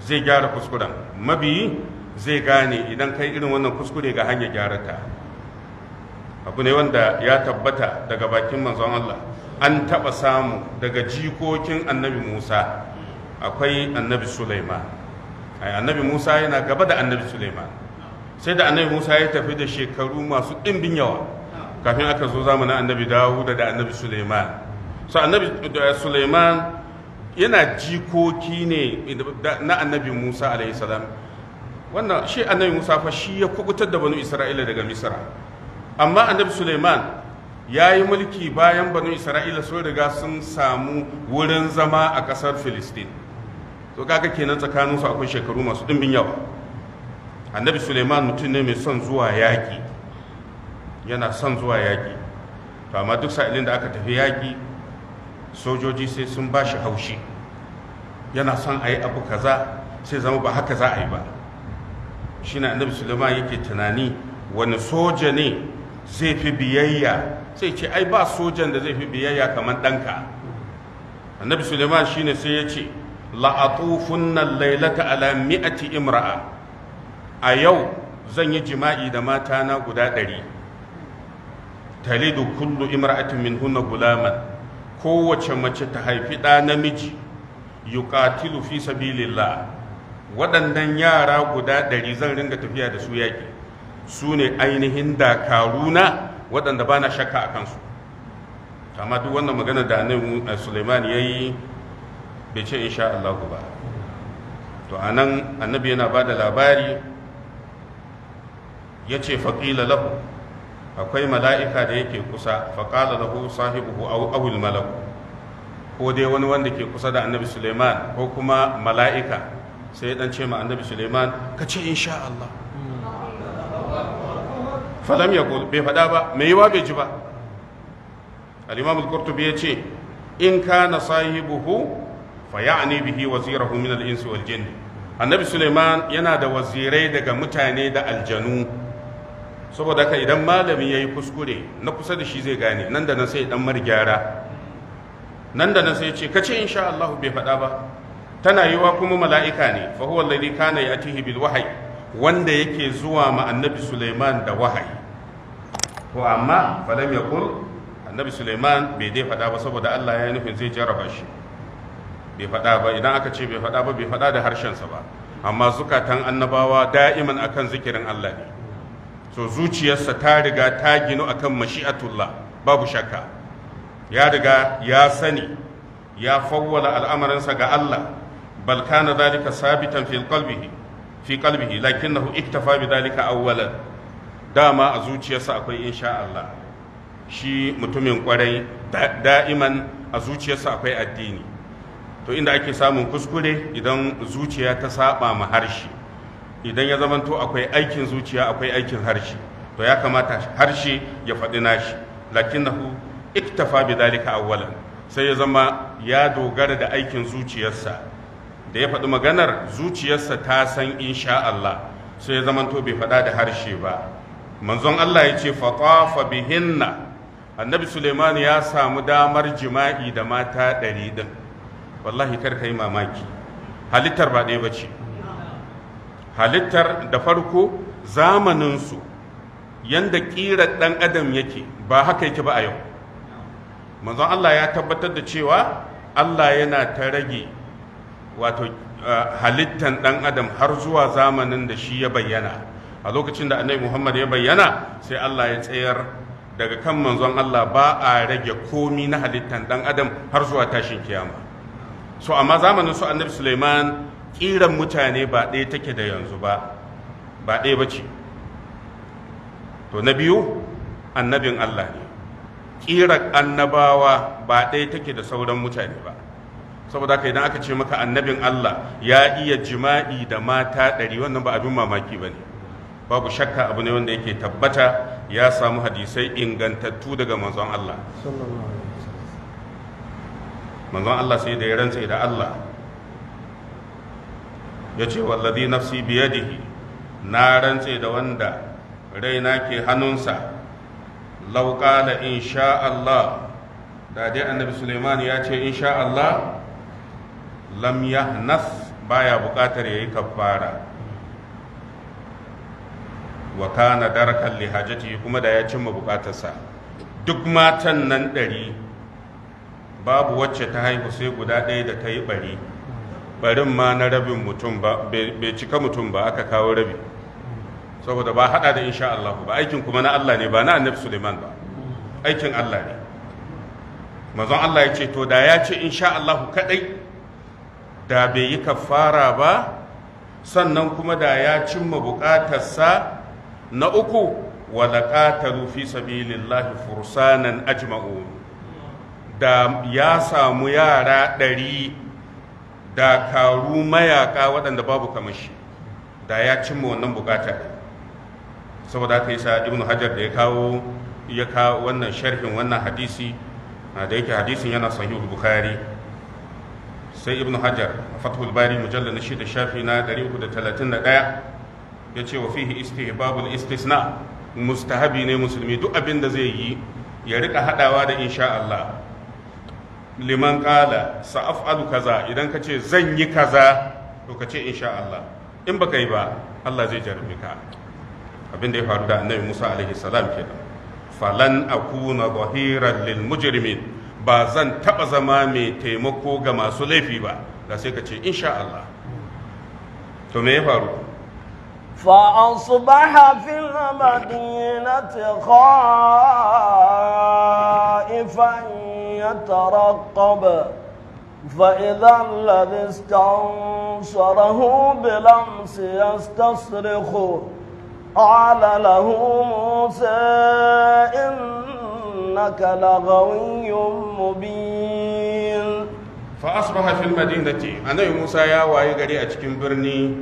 zai gyara kuskuren mabiyi zai gane idan kai irin wannan kuskure ga hanyar gyara ta abu ne wanda ya tabbata daga bakin manzon Allah an taɓa samu daga jikokin annabi Musa akwai annabi Sulaiman annabi Musa yana gaba da annabi Sulaiman sai da annabi Musa ya tafi da shekaru masu ɗimbin yawa kafin aka zo zamanin annabi dawuda da annabi Sulaiman so annabi eh, Sulaiman yana jikoki ne na annabi Musa alaihi wannan shi annabi Musa fa shi ya kubutar da banu Isra'ila daga misira amma annabi Sulaiman ya yi mulki bayan banu isra'ila sun riga sun samu wurin zama a ƙasar filistin to kaga kenan tsakanin su akwai shekaru masu dimbin yawa annabi suleiman mutum ne mai son zuwa yaƙi yana son zuwa yaƙi to amma duk sa'ilin da aka tafi yaƙi sojoji sai sun ba shi haushi yana son a yi abu kaza sai zama ba haka za a yi ba shi na annabi suleiman yake tunani wani soja ne zai fi biyayya sai ce ai ba sojan da zai fi biyayya kamar ɗanka annabi suleiman shine sai ya ce la'atufunna lailata ala mi'ati imra'a a yau zan yi jima'i da mata na guda ɗari talidu kullu imra'atin min hunna gulaman kowace mace ta haifi ɗa namiji yuqatilu fi sabilillah waɗannan yara guda ɗari zan ringa tafiya da su yaƙi su ne ainihin dakaruna waɗanda ba na shakka a kansu amma duk wannan magana da nan Suleiman ya yi bai ce sha allahu ba to a nan annabi yana ba da labari ya ce faƙila lahu akwai mala'ika da yake kusa faƙala lahu sahibu awil malaku ko dai wani wanda ke kusa da annabi suleiman ko kuma mala'ika sai ya ce ma annabi suleiman ka ce in sha Allah falam ya bai faɗa ba mai yiwa bai ji ba al'imam al-qurtubi ya ce in kana sahibuhu fayani bihi wazirahu min al-insi wal jinn annabi suleiman yana da wazirai daga mutane da aljanu saboda haka idan malami yayi kuskure na kusa da shi zai gane nan da nan sai dan mar gyara nan da nan sai ce kace insha Allah bai faɗa ba tana yiwa kuma mala'ika ne fa huwa alladhi kana ya'tihi bil wahyi wanda yake zuwa ma annabi suleiman da wahayi to amma falam yakul annabi suleiman bai dai faɗa ba saboda Allah ya nufin zai jarraba shi bai faɗa ba idan aka ce bai faɗa ba bai faɗa da harshensa ba amma zukatan annabawa da'iman akan zikirin Allah ne so zuciyarsa ta riga ta ginu akan mashi'atullah babu shakka ya riga ya sani ya fawwala al'amarinsa ga Allah bal kana dhalika sabitan fi qalbihi fi qalbihi lakinnahu iktafa bi awwalan dama a zuciyarsa akwai insha Allah shi mutumin kwarai da'iman a zuciyarsa akwai addini to inda ake samun kuskure idan zuciya ta saba ma harshe idan ya zamanto akwai aikin zuciya akwai aikin harshe to ya kamata harshe ya faɗi nashi lakinnahu iktafa bi dalika awwalan sai ya zama ya dogara da aikin zuciyarsa da ya faɗi maganar zuciyarsa ta san insha Allah sai ya zamanto bai faɗa da harshe ba manzon Allah ya ce fatafa bihinna annabi Suleiman ya samu damar jima'i da mata ɗari ɗin wallahi kar ka yi mamaki halittar ba ɗaya ba ce halittar da farko zamaninsu yadda ƙirar ɗan adam yake ba haka yake ba a yau manzon Allah ya tabbatar da cewa Allah yana ta rage wato eh, halittan ɗan adam har zuwa zamanin da shi ya bayyana a lokacin da annabi muhammad ya bayyana sai allah ya tsayar daga kan manzon allah ba a rage komi na halittar ɗan adam har zuwa tashin kiyama so amma zamanin su annabi suleiman kiran mutane ba ɗaya take da yanzu ba ba ɗaya ba ce to na biyu annabin allah ne kiran annabawa ba ɗaya take da sauran mutane ba saboda haka idan aka ce maka annabin allah ya iya jima'i da mata ɗari wannan ba abin mamaki ba ne babu shakka abu ne wanda yake tabbata ya samu hadisai ingantattu daga manzon allah manzon Allah sai da ya rantse da Allah ya ce wallazi nafsi biyadihi na rantse da wanda raina ke hannunsa law qala insha Allah da dai annabi Suleiman ya ce insha Allah lam yahnas baya bukatar yayi kaffara wa kana darakan li hajati kuma da ya cimma bukatarsa duk matan nan ɗari babu wacce ta haihu sai guda ɗaya da ta yi bari ɓarin ma na rabin mutum ba bai cika mutum ba aka kawo rabi saboda ba haɗa da insha Allah ba aikin kuma na Allah ne ba na annabi Suleiman ba aikin Allah ne manzon Allah ya ce to da ya ce insha Allah kadai da bai yi kafara ba sannan kuma da ya cimma bukatarsa na uku wala qatalu fi sabilillahi fursanan ajma'un da ya samu yara ɗari da karu mayaka waɗanda babu kamashi da ya cimma wannan bukata saboda haka sa ibn hajar da ya kawo ya kawo wannan sharhin wannan hadisi da yake hadisin yana sahihul bukhari sai ibn hajar a fathul bari Mujalla na shida shafi na 331 ya ce wa fihi istihbabul istisna mustahabi ne musulmi duk abin da zai yi ya rika hadawa da insha Allah liman ƙala sa'af'alu kaza idan ka ce zan yi kaza to ka ce insha Allah in baka yi ba Allah zai jarumi ka abin da ya faru da annabi Musa alaihi salam kenan falan akuna zahiran lil mujrimin ba zan taba zama mai taimako ga masu laifi ba da sai ka ce insha Allah to me ya faru فأصبح في المدينة خائفا خائفا يترقب فإذا الذي استنصره بالأمس يستصرخ قال له موسى إنك لغوي مبين فأصبح في المدينة أنا موسى يا واي غري أتكين برني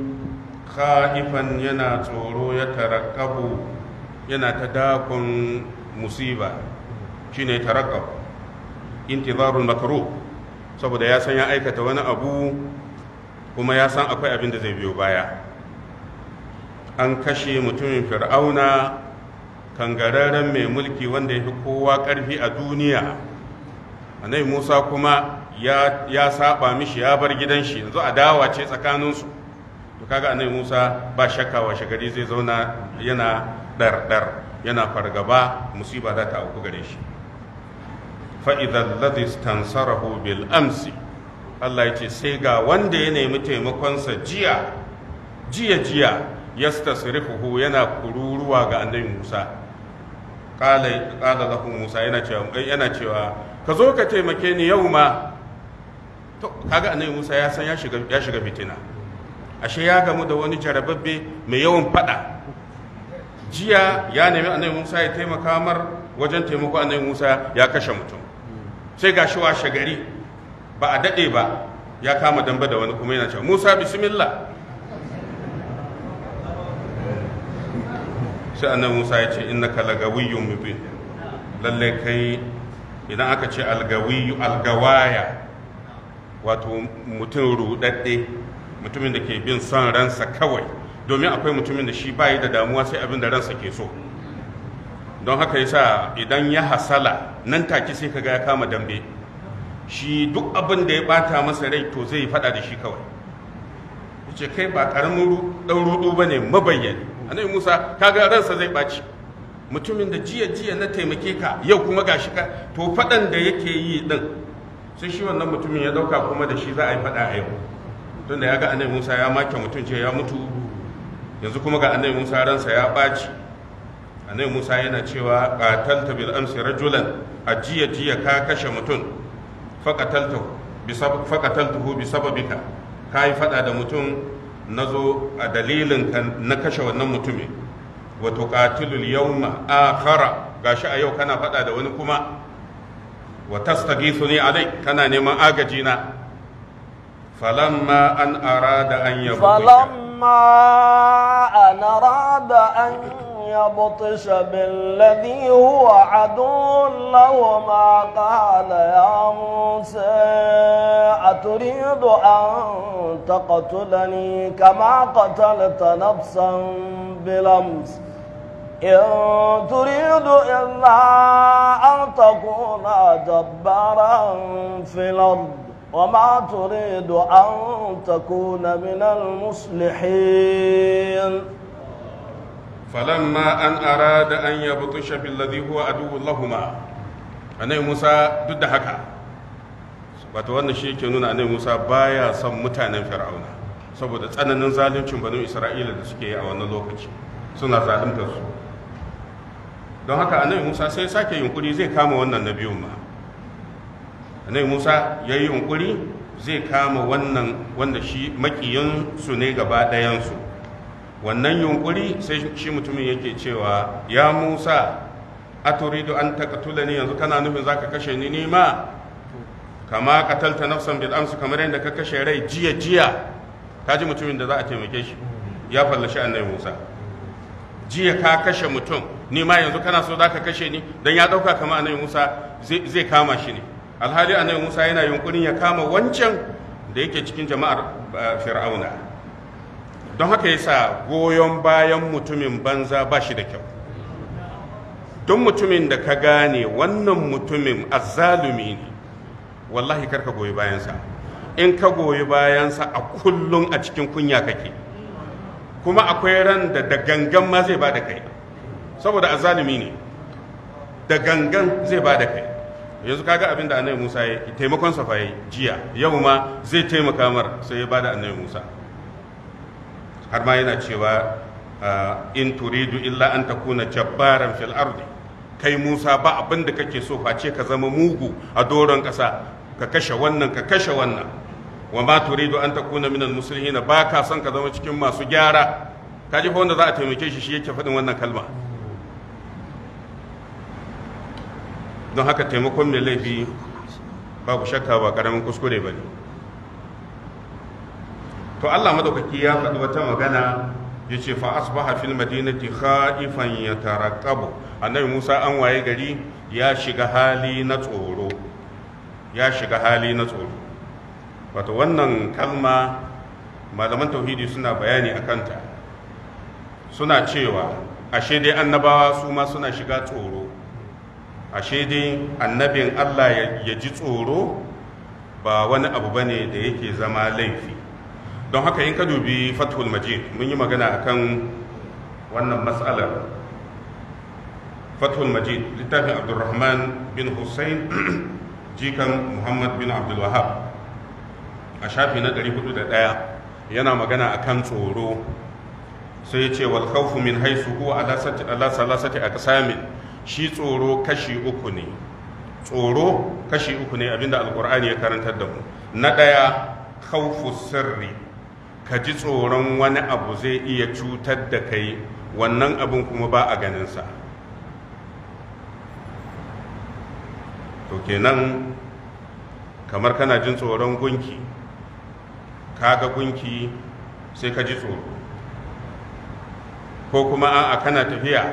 خائفا ينا تورو يترقب ينا تداكن مصيبه shine taraqqab intizarul makruh saboda ya san ya aikata wani abu kuma ya san akwai abin da zai biyo baya an kashe mutumin fir'auna kan kangararren mai mulki wanda ya fi kowa ƙarfi a duniya annabi musa kuma ya, ya saba mishi ya bar gidan shi yanzu dawa ce tsakaninsu to kaga annabi musa ba shakka wa shagari zai zauna yana ɗar-ɗar yana fargaba musiba za ta auku gare shi fa'idar ladistan tansarahu bil amsi Allah ya ce sai ga wanda ya nemi taimakonsa jiya jiya jiya ya stasrifuhu yana kururuwa ga annabi Musa ƙala lahu Musa eh, yana cewa ka zo ka taimake ni yau ma to kaga annabi Musa ya san ya shiga fitina ashe ya gamu da wani jarababbe mai yawan fada jiya ya nemi annabi Musa ya taimaka mar wajen taimako annabi Musa ya kashe mutum sai ga shi washe gari ba a daɗe ba ya kama damba da wani kuma yana cewa musa bismillah sai annan musa ya ce innaka lagawiyyun mubin lalle kai idan aka ce algawiyu algawaya wato mutum rudadde mutumin da ke bin son ransa kawai domin akwai mutumin da shi bayi da damuwa sai abin da ransa ke so don haka yasa idan ya hasala nan take sai kaga ya kama dambe shi duk abin da ya bata masa rai to zai fada da shi kawai yace kai ba karamin dan rudu bane mabayyani annabi Musa kaga ransa zai baci mutumin da jiya jiya na taimake ka yau kuma gashi ka to fadan da yake yi din sai shi wannan mutumin ya dauka kuma da shi za a yi fada a yau tunda ya ga annabi Musa ya make mutum ce ya mutu yanzu kuma ga annabi Musa ransa ya baci annabi Musa yana cewa qatalta bil amsi rajulan ajiya jiya ka kashe mutum faqataltahu bisab faqataltahu Ka yi faɗa da mutum nazo a dalilin na kashe wannan mutumin wa tuqatilul yawma akhara gashi a yau kana faɗa da wani kuma wa su tastaghithuni alai kana neman agaji na falamma an arada an yabqa falamma an arada an يبطش بالذي هو عدو لهما قال يا موسى أتريد أن تقتلني كما قتلت نفسا بلمس إن تريد إلا أن تكون جبارا في الأرض وما تريد أن تكون من المصلحين falamma an arada an yabtusha bil ladhi huwa aduwwul lahuma annabi Musa duk da haka wato wannan shi yake nuna annabi Musa baya son mutanen Fir'auna saboda tsananin zaluncin banu Isra'ila da suke yi a wannan lokaci suna zaluntar su don haka annabi Musa sai sake yunkuri zai kama wannan na biyun ma annabi Musa yayi yunkuri zai kama wannan wanda shi makiyin su ne gaba dayansu. su wannan yunkuri sai shi mutumin yake cewa ya musa a turidu an takatula ni yanzu kana nufin zaka kashe ni ni ma kama katalta nafsan bil amsu kamar yadda ka kashe rai jiya jiya Ka ji mutumin da za a taimake shi ya fallashi annabi musa jiya ka kashe mutum ni ma yanzu kana so zaka kashe ni dan ya dauka kama annabi musa zai kama shi ne alhali annabi musa yana yunkurin ya kama wancan da yake cikin jama'ar eh, fir'auna don haka ya sa goyon bayan mutumin banza ba shi da kyau don mutumin da ka gane wannan mutumin azzalumi ne wallahi karka goyi bayansa in ka goyi bayansa a kullum a cikin kunya kake kuma akwai ran da da gangan ma zai ba da kai saboda zalumi ne da gangan zai ba da kai yanzu kaga abin da annabi Musa ya taimakon safai jiya yau ma zai taimaka mar sai ya bada annabi Musa har ma yana cewa ah, in turidu illa an kuna jabbaran fil ardi kai Musa ba abin da kake so face ka zama mugu a doron ƙasa ka kashe wannan ka kashe wannan wa ma turidu an kuna minan muslimin ba ka son ka zama cikin masu gyara ka ji fa wanda za a taimake shi shi yake faɗin wannan kalma don haka taimakon mai laifi babu shakka ba karamin kuskure ba ne to Allah madaukaki ya faɗi wata magana ya ce fa asbaha fil madinati khaifan yataraqabu annabi Musa an waye gari ya shiga hali na tsoro ya shiga hali na tsoro wato wannan kalma malaman tauhidi suna bayani a kanta suna cewa ashe dai annabawa su ma suna shiga tsoro ashe dai annabin Allah ya ji tsoro ba wani abu bane da yake zama laifi don haka in ka dubi fathul majid mun yi magana akan wannan matsalar fathul majid littafin abdulrahman bin hussein jikan muhammad bin abdulwahab a shafi na 401 yana magana akan tsoro sai ya ce wal khawfu min haisu huwa ala salasati aqsamin shi tsoro kashi uku ne tsoro kashi uku ne abinda alqur'ani ya karantar da mu na ɗaya, khawfu sirri ka ji tsoron wani abu zai iya cutar da kai wannan abin kuma ba a ganinsa to kenan kamar kana jin tsoron gunki kaga gunki sai ka ji tsoro ko kuma a kana tafiya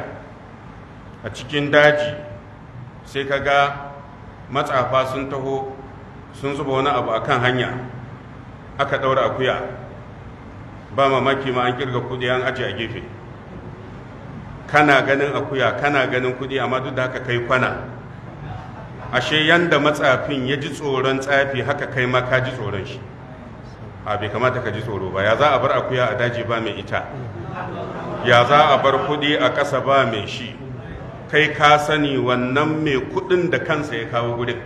a cikin daji sai ka ga matsafa sun taho sun zuba wani abu akan hanya aka ɗaura akuya ba mamaki ma an kirga kudi an aje a gefe kana ganin akuya kana ganin kudi amma duk da haka kai kwana ashe yanda matsafin ya ji tsoron tsafi haka kai ma ka ji tsoron shi a bai kamata ka ji tsoro ba ya za a bar akuya a daji ba mai ita ya za a bar kudi a ƙasa ba mai shi kai ka sani wannan mai kudin da kansa ya kawo gudun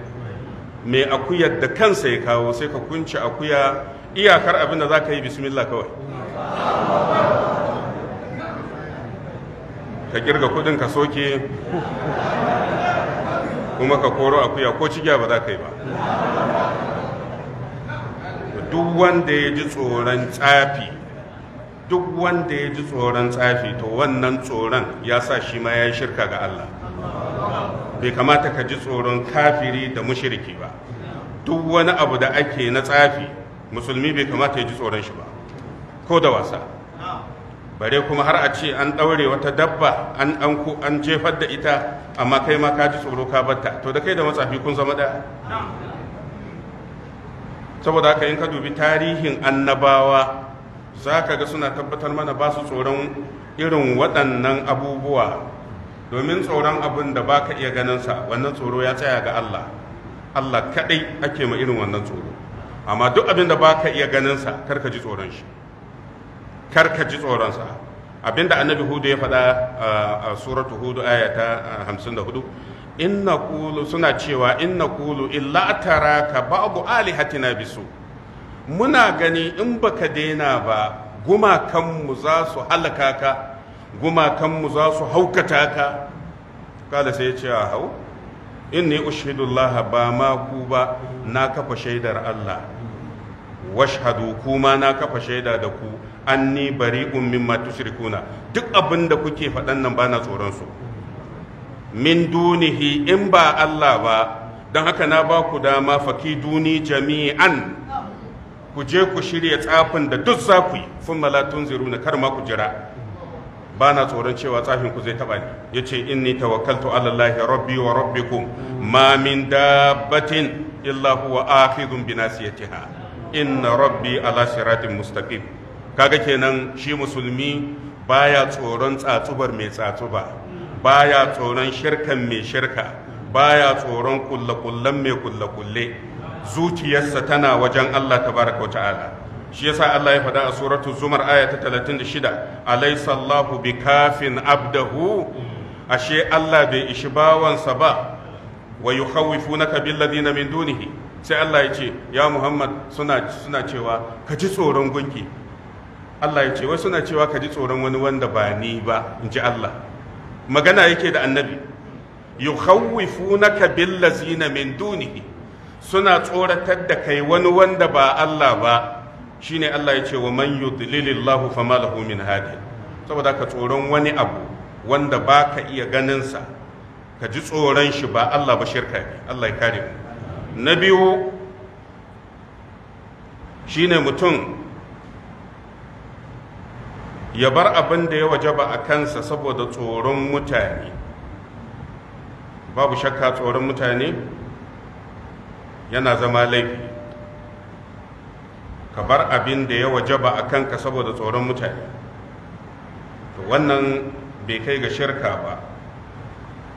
mai akuyar da kansa ya kawo sai ka kunci akuya iyakar abin da za ka yi bismillah kawai ka girga kudin ka soke kuma ka koro akuya ko cigiya ba za ka yi ba duk wanda ya ji tsoron tsafi duk wanda ya ji tsoron tsafi to wannan tsoron ya sa shi ma ya shirka ga Allah bai kamata ka ji tsoron kafiri da mushiriki ba duk wani abu da ake na tsafi musulmi bai kamata ya ji tsoron shi ba ko da wasa bare kuma har a ce an ɗaure wata dabba an an jefar da ita amma kai ma ka ji tsoro ka batta to da kai da matsafi kun zama ɗaya saboda haka in ka dubi tarihin annabawa za ka ga suna tabbatar mana ba su tsoron irin waɗannan abubuwa domin tsoron abin da ba ka iya sa wannan tsoro ya tsaya ga allah allah kaɗai ake ma irin wannan tsoro amma duk abin da baka iya ganin sa karka ji tsoron shi karka ji tsoron sa abinda annabi hudu ya faɗa a suratu hudu ayata 54 inna qulu suna cewa inna qulu illa taraka ba'du alihatina bisu muna gani in baka daina ba gumakanmu za su halaka ka gumakanmu za su haukata ka kala sai ya ce a hau inni ushidullaha ba ma ku ba na kafa shaidar Allah washhadu kuma na kafa shaida da ku anni bari'un mimma tushrikuna duk abin da kuke faɗan nan bana tsoron su min dunihi in ba Allah ba don haka na ba ku dama faki duni jami'an ku je ku shirya tsafin da duk za ku yi fun malatun ziru na kar ma ku jira ba na tsoron cewa tsafin ku zai taba ni ya ce inni tawakkaltu Allah rabbi wa rabbikum ma min dabbatin illa huwa akhidun bi nasiyatiha inna rabbi ala siratin mustaqim kaga kenan shi musulmi baya tsoron tsatsubar mai tsatsuba baya tsoron shirkan mai shirka baya tsoron kullakullan mai kullakulle zuciyarsa tana wajen Allah tabaraka wa ta'ala shi yasa Allah ya faɗa a suratu zumar aya ta 36 alaysa Allahu bikafin abdahu ashe Allah bai ishi bawansa ba wa yukhawifunaka billadina min dunihi sai Allah ya ce ya Muhammad suna suna cewa ka ji tsoron gunki Allah ya ce wai suna cewa ka ji tsoron wani wanda ba ni ba in ji Allah magana yake da annabi yukhawwifunaka billazina min dunihi suna tsoratar da kai wani wanda ba Allah ba shine Allah ya ce wa man yudlilillahu fama lahu min hadi saboda ka tsoron wani abu wanda ba ka iya ganinsa ka ji tsoron shi ba Allah ba shirka ne Allah ya kare mu na biyu ne mutum ya bar abin da ya wajaba a kansa saboda tsoron mutane babu shakka tsoron mutane yana zama laifi ka bar abin da ya wajaba a kanka saboda tsoron mutane to wannan bai kai ga shirka ba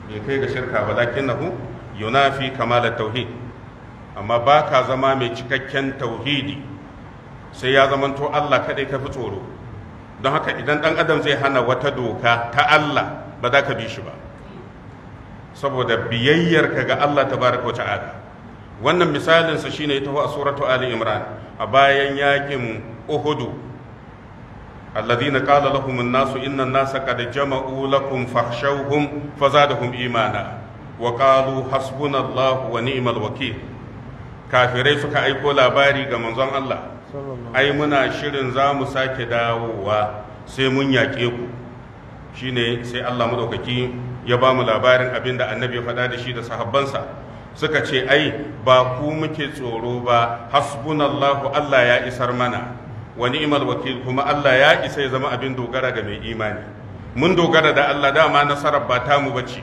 bai kai ga shirka ba lakin na hu yunafi kamalar tauhid amma ba ka zama mai cikakken tauhidi sai ya zamanto Allah kaɗai ka fi tsoro don haka idan ɗan adam zai hana wata doka ta Allah ba za ka bi shi ba saboda biyayyarka ga Allah tabaraka wa ala wannan misalinsa shine ya taho a suratu ali imran a bayan yakin uhudu الذين قال لهم الناس إن الناس قد جمعوا لكم فاخشوهم فزادهم إيمانا وقالوا حسبنا الله ونعم الوكيل kafirai suka aiko labari ga manzon Allah ai muna shirin za mu sake dawowa sai mun yaƙe ku shine sai Allah madaukaki ya ba mu labarin abin da annabi ya faɗa da shi da sahabbansa suka ce ai ba ku muke tsoro ba hasbunallahu Allah ya isar mana wani ni'mal wakil kuma Allah ya isa ya zama abin dogara ga mai imani mun dogara da Allah dama nasarar ba ta tamu bace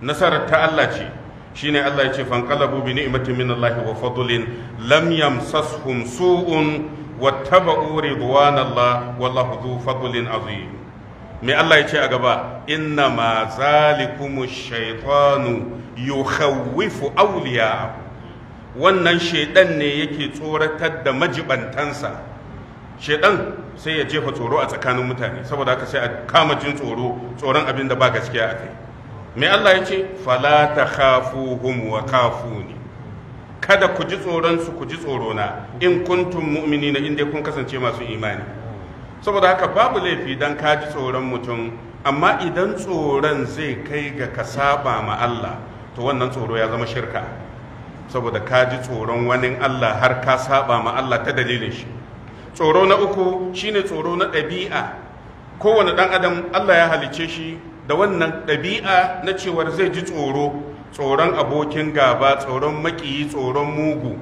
nasarar ta Allah ce shine Allah ya ce fanqalabu bi ni'matin min Allah wa fadlin lam yamsashum su'un wattaba'u ridwanallah wallahu dhu fadlin azim me Allah ya ce a gaba inna ma zalikumu shaytanu yukhawwifu awliya wannan shaiɗan ne yake tsoratar da majibantansa Shaiɗan sai ya jefa tsoro a tsakanin mutane saboda haka sai a kama jin tsoro tsoron abin da ba gaskiya a kai me Allah ya ce falata ta khafuhum wa kafuni kada ku ji tsoron su ku ji tsorona in kuntum mu'minina in dai kun kasance masu imani saboda haka babu laifi dan ka ji tsoron mutum amma idan tsoron zai kai ga ka saba ma Allah to wannan tsoro ya zama shirka saboda ka ji tsoron wani Allah har ka saba ma Allah ta dalilin shi tsoro na uku shine tsoro na ɗabi'a kowane ɗan adam Allah ya halicce shi da wannan ɗabi'a na cewar zai ji tsoro tsoron abokin gaba tsoron makiyi, tsoron mugu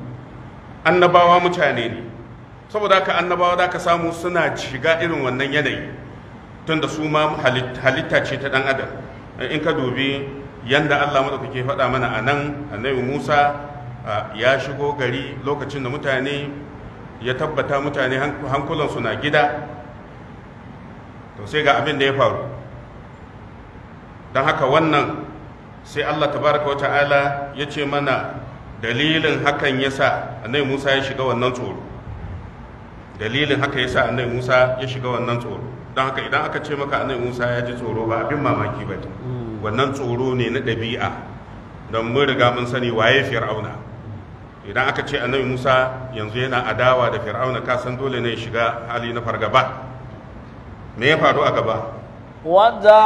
annabawa mutane ne saboda ka annabawa za ka samu suna shiga irin wannan yanayi tunda su ma halitta ce ta ɗan adam in ka dubi yanda allah ke faɗa mana a nan annabi musa ya shigo gari lokacin da mutane ya tabbata mutane hankulansu na gida to sai ga abin da ya faru don haka wannan sai Allah tabaraka wa ta'ala ya ce mana dalilin hakan ya sa annai Musa ya shiga wannan tsoro dalilin haka ya sa annai Musa ya shiga wannan tsoro don haka idan aka ce maka annai Musa ya ji tsoro ba abin mamaki ba hmm. wannan tsoro ne na ɗabi'a don mun riga mun sani waye fir'auna idan aka ce annabi musa yanzu yana adawa da fir'auna kasan dole ne ya shiga hali na fargaba me ya faru a gaba wadda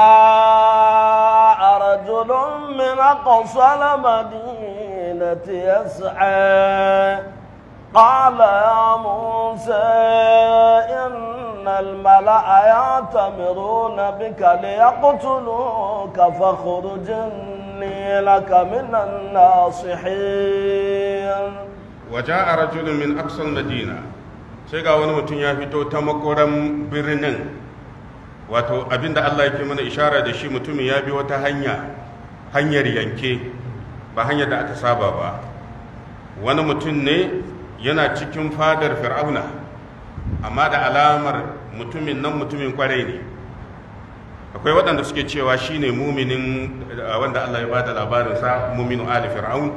رجل من أقصى المدينة يسعى قال يا موسى إن الملأ يعتمرون بك ليقتلوك فخرجني لك من الناصحين وجاء رجل من أقصى المدينة sai ga wani mutum تمكورا fito wato abinda Allah yake mana ishara da shi mutumin ya bi wata hanya hanyar yanke ba hanyar da aka saba ba wani mutum ne yana cikin fadar fir'auna amma da alamar mutumin nan mutumin kwarai ne akwai waɗanda suke cewa shine muminin eh, wanda Allah ya bada labarinsa muminu ali fir'aun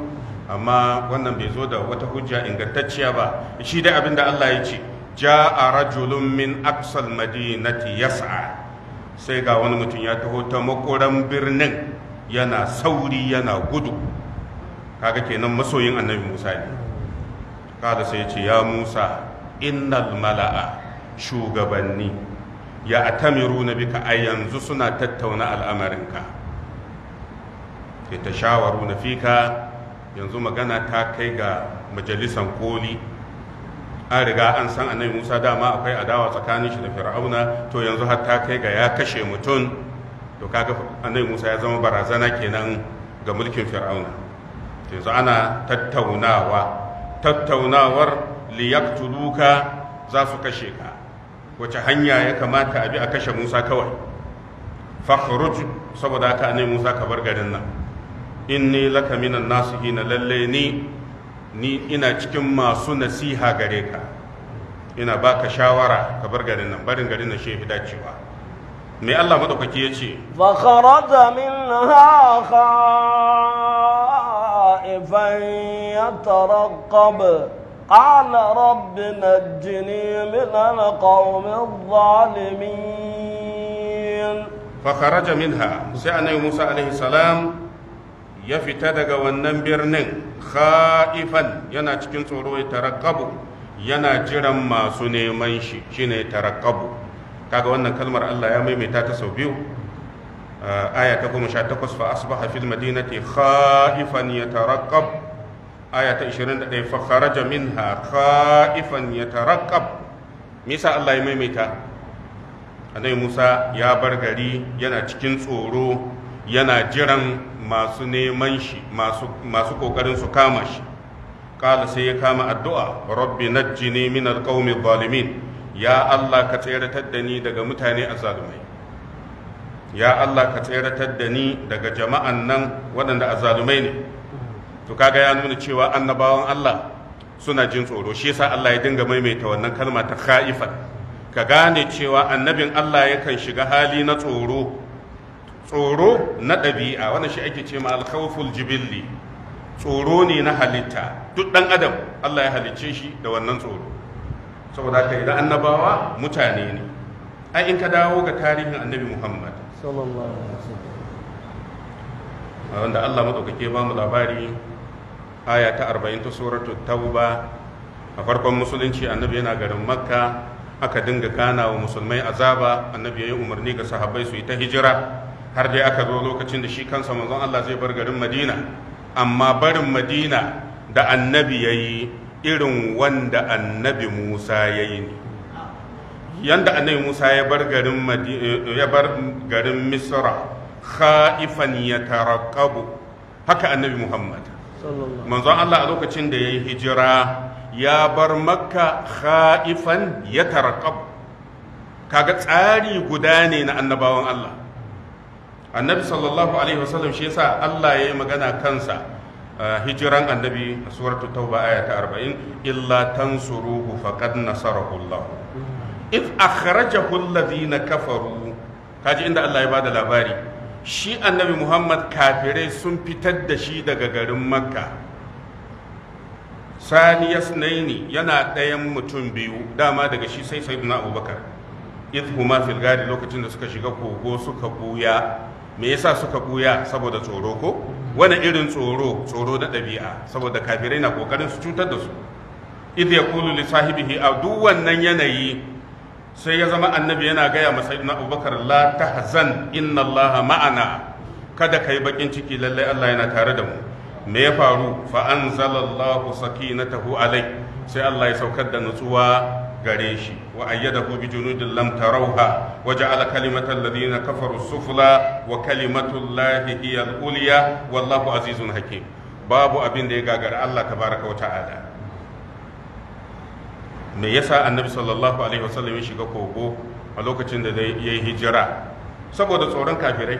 amma wannan bai zo da wata hujja ingantacciya ba shi dai abinda Allah ya ce ja'a rajulun min aksal madinati yas'a sai ga wani mutum ya taho ta makoran birnin yana sauri yana gudu kaga kenan masoyin annabi Musa ne kada sai ce ya Musa innal mala'a shugabanni ya atamiru na bika a yanzu suna tattauna al'amarinka ke ta na fika yanzu magana ta kai ga majalisan koli an riga an san annabi musa dama akwai adawa tsakanin shi da fir'auna to yanzu har ta kai ga ya kashe mutum to kaga annabi musa ya zama barazana kenan ga mulkin fir'auna yanzu ana tattaunawa tattaunawar liyaktuluka za su kashe ka wace hanya ya kamata a bi a kashe musa kawai fakhruj saboda haka annabi musa ka bar garin nan inni laka minan nasihin lalle ni ni ina cikin masu nasiha gare ka ina baka shawara ka bar garin nan barin garin nan shefi dacewa mai Allah madaukaki ya ce fa kharaja minha khaifan yatarqab قال رب نجني من القوم الظالمين فخرج منها سأنا موسى عليه السلام ya fita daga wannan birnin kha'ifan yana cikin tsoro ya tarakabu yana jiran masu neman shi shine tarakabu kaga wannan kalmar Allah ya maimaita ta sau biyu ah, aya ta goma sha takwas fa asbaha fil madinati kha'ifan yatarakab aya ta 21 fa kharaja minha kha'ifan yatarakab misa Allah ya maimaita annabi Musa ya bar gari yana cikin tsoro yana jiran masu neman shi masu kokarin su kama shi kala sai ya kama addu'a rabbi najjini min alqaumi zalimin ya Allah ka tseratar da ni daga mutane azalumai ya Allah ka tseratar da ni daga jama'an nan waɗanda azalumai ne to kaga ya nuna cewa annabawan Allah suna jin tsoro shi yasa Allah ya dinga maimaita wannan kalma ta ka gane cewa annabin Allah yakan shiga hali na tsoro tsoro na ɗabi'a wannan shi ake ce ma alkhawful jibilli tsoro ne na halitta duk ɗan adam Allah ya halicce shi da wannan tsoro saboda haka idan annabawa mutane ne ai in ka dawo ga tarihin annabi Muhammad sallallahu alaihi wasallam wanda Allah madaukake ba mu labari aya ta 40 ta ta tauba a farkon musulunci annabi yana garin makka aka dinga gana wa musulmai azaba annabi ya yi umarni ga sahabbai su yi ta hijira har dai aka zo lokacin da shi kansa manzon Allah zai bar garin Madina amma barin Madina da annabi yayi irin wanda annabi Musa yayi ne yanda annabi Musa ya bar garin ya bar garin Misra khaifan haka annabi Muhammad manzon Allah a lokacin da yayi hijira ya bar makka khaifan yataraqabu kaga tsari guda ne na annabawan Allah annabi sallallahu alaihi wasallam shi yasa Allah ya yi magana kansa uh, hijiran annabi a suratul tauba aya ta 40 illa tansuruhu faqad nasarahu Allah if akhrajahu alladhina kafaru kaji inda Allah ya bada labari shi annabi Muhammad kafirai sun fitar da shi daga garin Makka saniyas naini yana ɗayan mutum biyu dama daga shi sai sayyidina Abubakar idh huma fil lokacin da suka shiga kogo suka buya me yasa suka buya saboda tsoro ko wani irin tsoro tsoro na ɗabi'a saboda kafirai na kokarin su cutar da su idh yaqulu li sahibihi a duk wannan yanayi sai ya zama annabi yana gaya masa sayyidina abubakar la tahzan inna allaha ma'ana kada kai bakin ciki lallai Allah yana tare da mu me ya faru fa anzalallahu sakinatahu alai sai Allah ya saukar da nutsuwa gare shi wa ayyadahu bi junudin lam tarauha wa ja'ala kalimatal ladina kafaru sufla wa kalimatul lahi hiya al wallahu azizun hakim babu abin da ya gagara Allah tabaraka wa ta'ala me yasa annabi sallallahu alaihi wasallam ya shiga kogo a lokacin da ya yi hijira saboda tsoron kafirai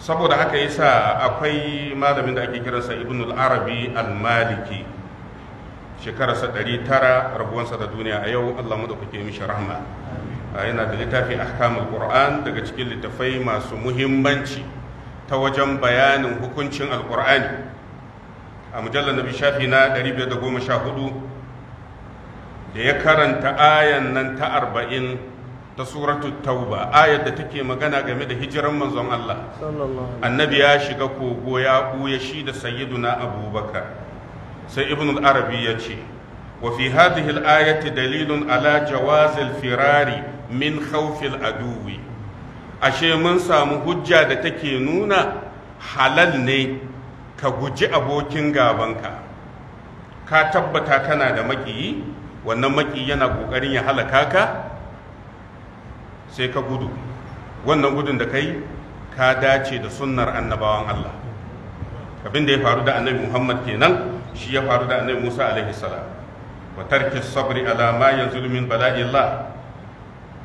saboda haka yasa akwai malamin da ake kiransa ibnul arabi al-maliki shekararsa ɗari tara rabuwansa da duniya a yau allah maɗaukake mishi rahma yana da littafi ahkamul qur'an daga cikin littafai masu muhimmanci ta wajen bayanin hukuncin alqur'ani a mujallar nabi shafi na 514 da ya karanta ayan nan ta arba'in ta suratu tauba ayar da take magana game da hijiran manzon Allah annabi ya shiga kogo ya ɓuya shi da sayyiduna abubakar sai ibn arabi ya ce wa fi hadhihi al-ayati dalilun ala jawaz al-firari min khawf al-aduwi ashe mun samu hujja da take nuna halal ne ka guji abokin gabanka ka tabbata kana da makiyi wannan maki yana kokarin ya halaka ka sai ka gudu wannan gudun da kai ka dace da sunnar annabawan Allah abin da ya faru da annabi Muhammad kenan shi ya faru da annabi Musa alaihi salam wa tarki sabri ala ma yanzulu min bala'illah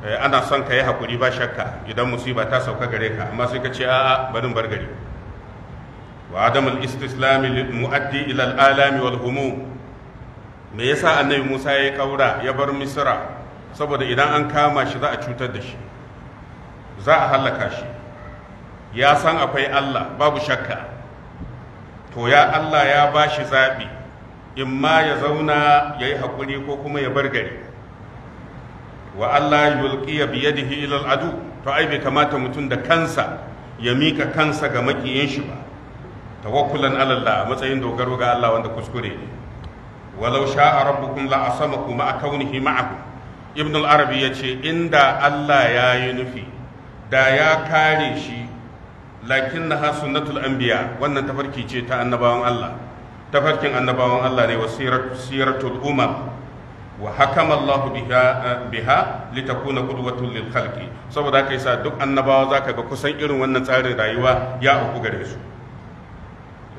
eh, ana son ka yi hakuri ba shakka idan musiba ta sauka gare ka amma sai ka ce a'a barin bar gari wa adam al istislam muaddi ila al alami wal humum me yasa annabi Musa ya kaura ya bar Misra saboda idan an kama shi za a cutar da shi za a hallaka shi ya san akwai Allah babu shakka to ya Allah ya ba shi zaɓi in ma ya zauna ya yi haƙuri ko kuma ya bar gari wa Allah yulqiya biya da ila adu to ai bai kamata mutum da kansa ya mika kansa ga makiyin shi ba tawakkulan ala Allah matsayin dogaro ga Allah wanda kuskure ne walau sha'a rabbukum la asamakum ma kaunihi ma'akum ibn al-arabi yace inda Allah ya yi nufi da ya kare shi lakin na sunnatul anbiya wannan tafarki ce ta annabawan Allah tafarkin annabawan Allah ne wa siratul umar wa hakama Allah biha biha litakuna qudwatun lil khalqi saboda haka yasa duk annabawa zaka ga kusan irin wannan tsarin rayuwa ya auku gare su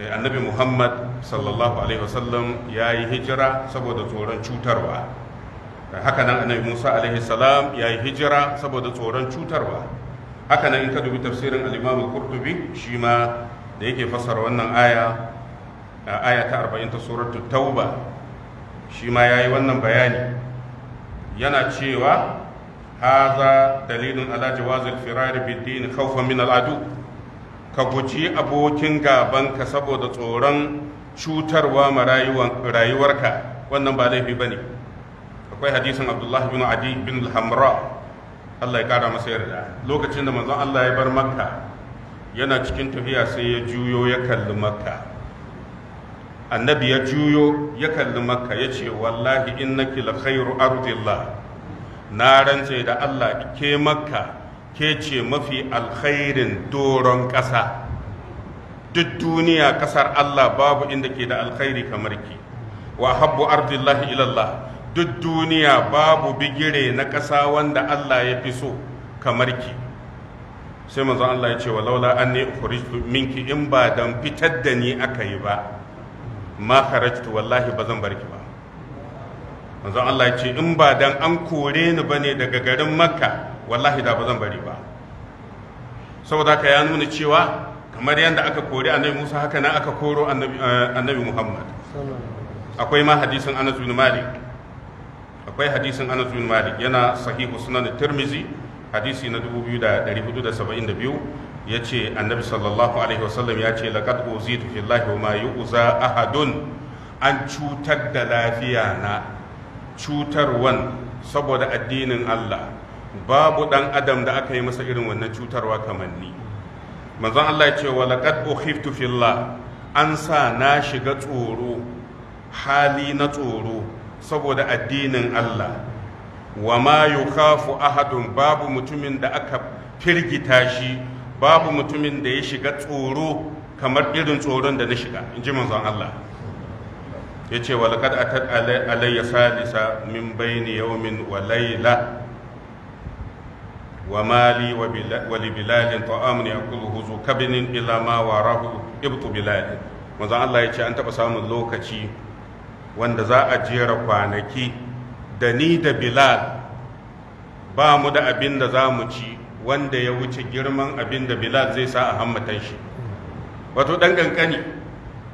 eh, annabi Muhammad sallallahu alaihi wasallam ya yi hijira saboda tsoron cutarwa haka nan annabi Musa alaihi salam ya yi hijira saboda tsoron cutarwa haka nan in ka dubi tafsirin al-imam al-qurtubi shi ma da yake fassara wannan aya a aya ta 40 ta tauba shi ma yayi wannan bayani yana cewa haza dalilun ala jawaz al-firar bid-din khawfan min al-adu ka guji abokin gabanka saboda tsoron cutarwa ma rayuwarka wannan ba laifi bane akwai hadisin abdullahi bin adi bin al-hamra Allah ya kara masa yarda lokacin da manzon Allah ya bar makka yana cikin tafiya sai ya juyo ya kalli makka annabi ya juyo ya kalli makka ya ce wallahi innaki la khairu ardillah na rantse da Allah ke makka ke ce mafi alkhairin doron ƙasa duk duniya ƙasar Allah babu inda ke da alkhairi kamar ki wa habbu ardillahi ilallah duk duniya babu bigire na ƙasa wanda Allah ya fi so kamar ki sai manzon Allah ya ce wa laula anni ukhrijtu minki in ba dan fitar da ni aka yi ba ma kharajtu wallahi ba zan bar ki ba manzon Allah ya ce in ba dan an kore ni bane daga garin Makka wallahi da ba zan bari ba saboda ka ya nuna cewa kamar yadda aka a annabi Musa haka nan aka koro annabi eh, Muhammad akwai ma hadisin Anas bin Malik akwai hadisin anas bin malik yana sahihu sunan tirmizi hadisi na 2472 ce annabi sallallahu alaihi wasallam ya ce laqad uzitu fillahi wa ma yu'za ahadun an cutar da lafiya na cutarwan saboda addinin Allah babu dan adam da aka yi masa irin wannan cutarwa kamar ni manzon Allah ya ce wa laqad ukhiftu fillah an sa na shiga tsoro hali na tsoro saboda addinin Allah wa ma yukhafu ahadun babu mutumin da aka firgita shi babu mutumin da ya shiga tsoro kamar irin tsoron da na shiga in ji manzon Allah ya ce wa laqad atat alayya salisa min bayni yawmin wa layla wa mali wa bilalin ta'amun kudu zu kabinin ila ma warahu ibtu bilal manzon Allah ya ce an taba samun lokaci wanda za a jera kwanaki da ni da bilal ba mu da abin da za mu ci wanda ya wuce girman abin da bilal zai sa a hammatan shi wato ɗan ƙanƙani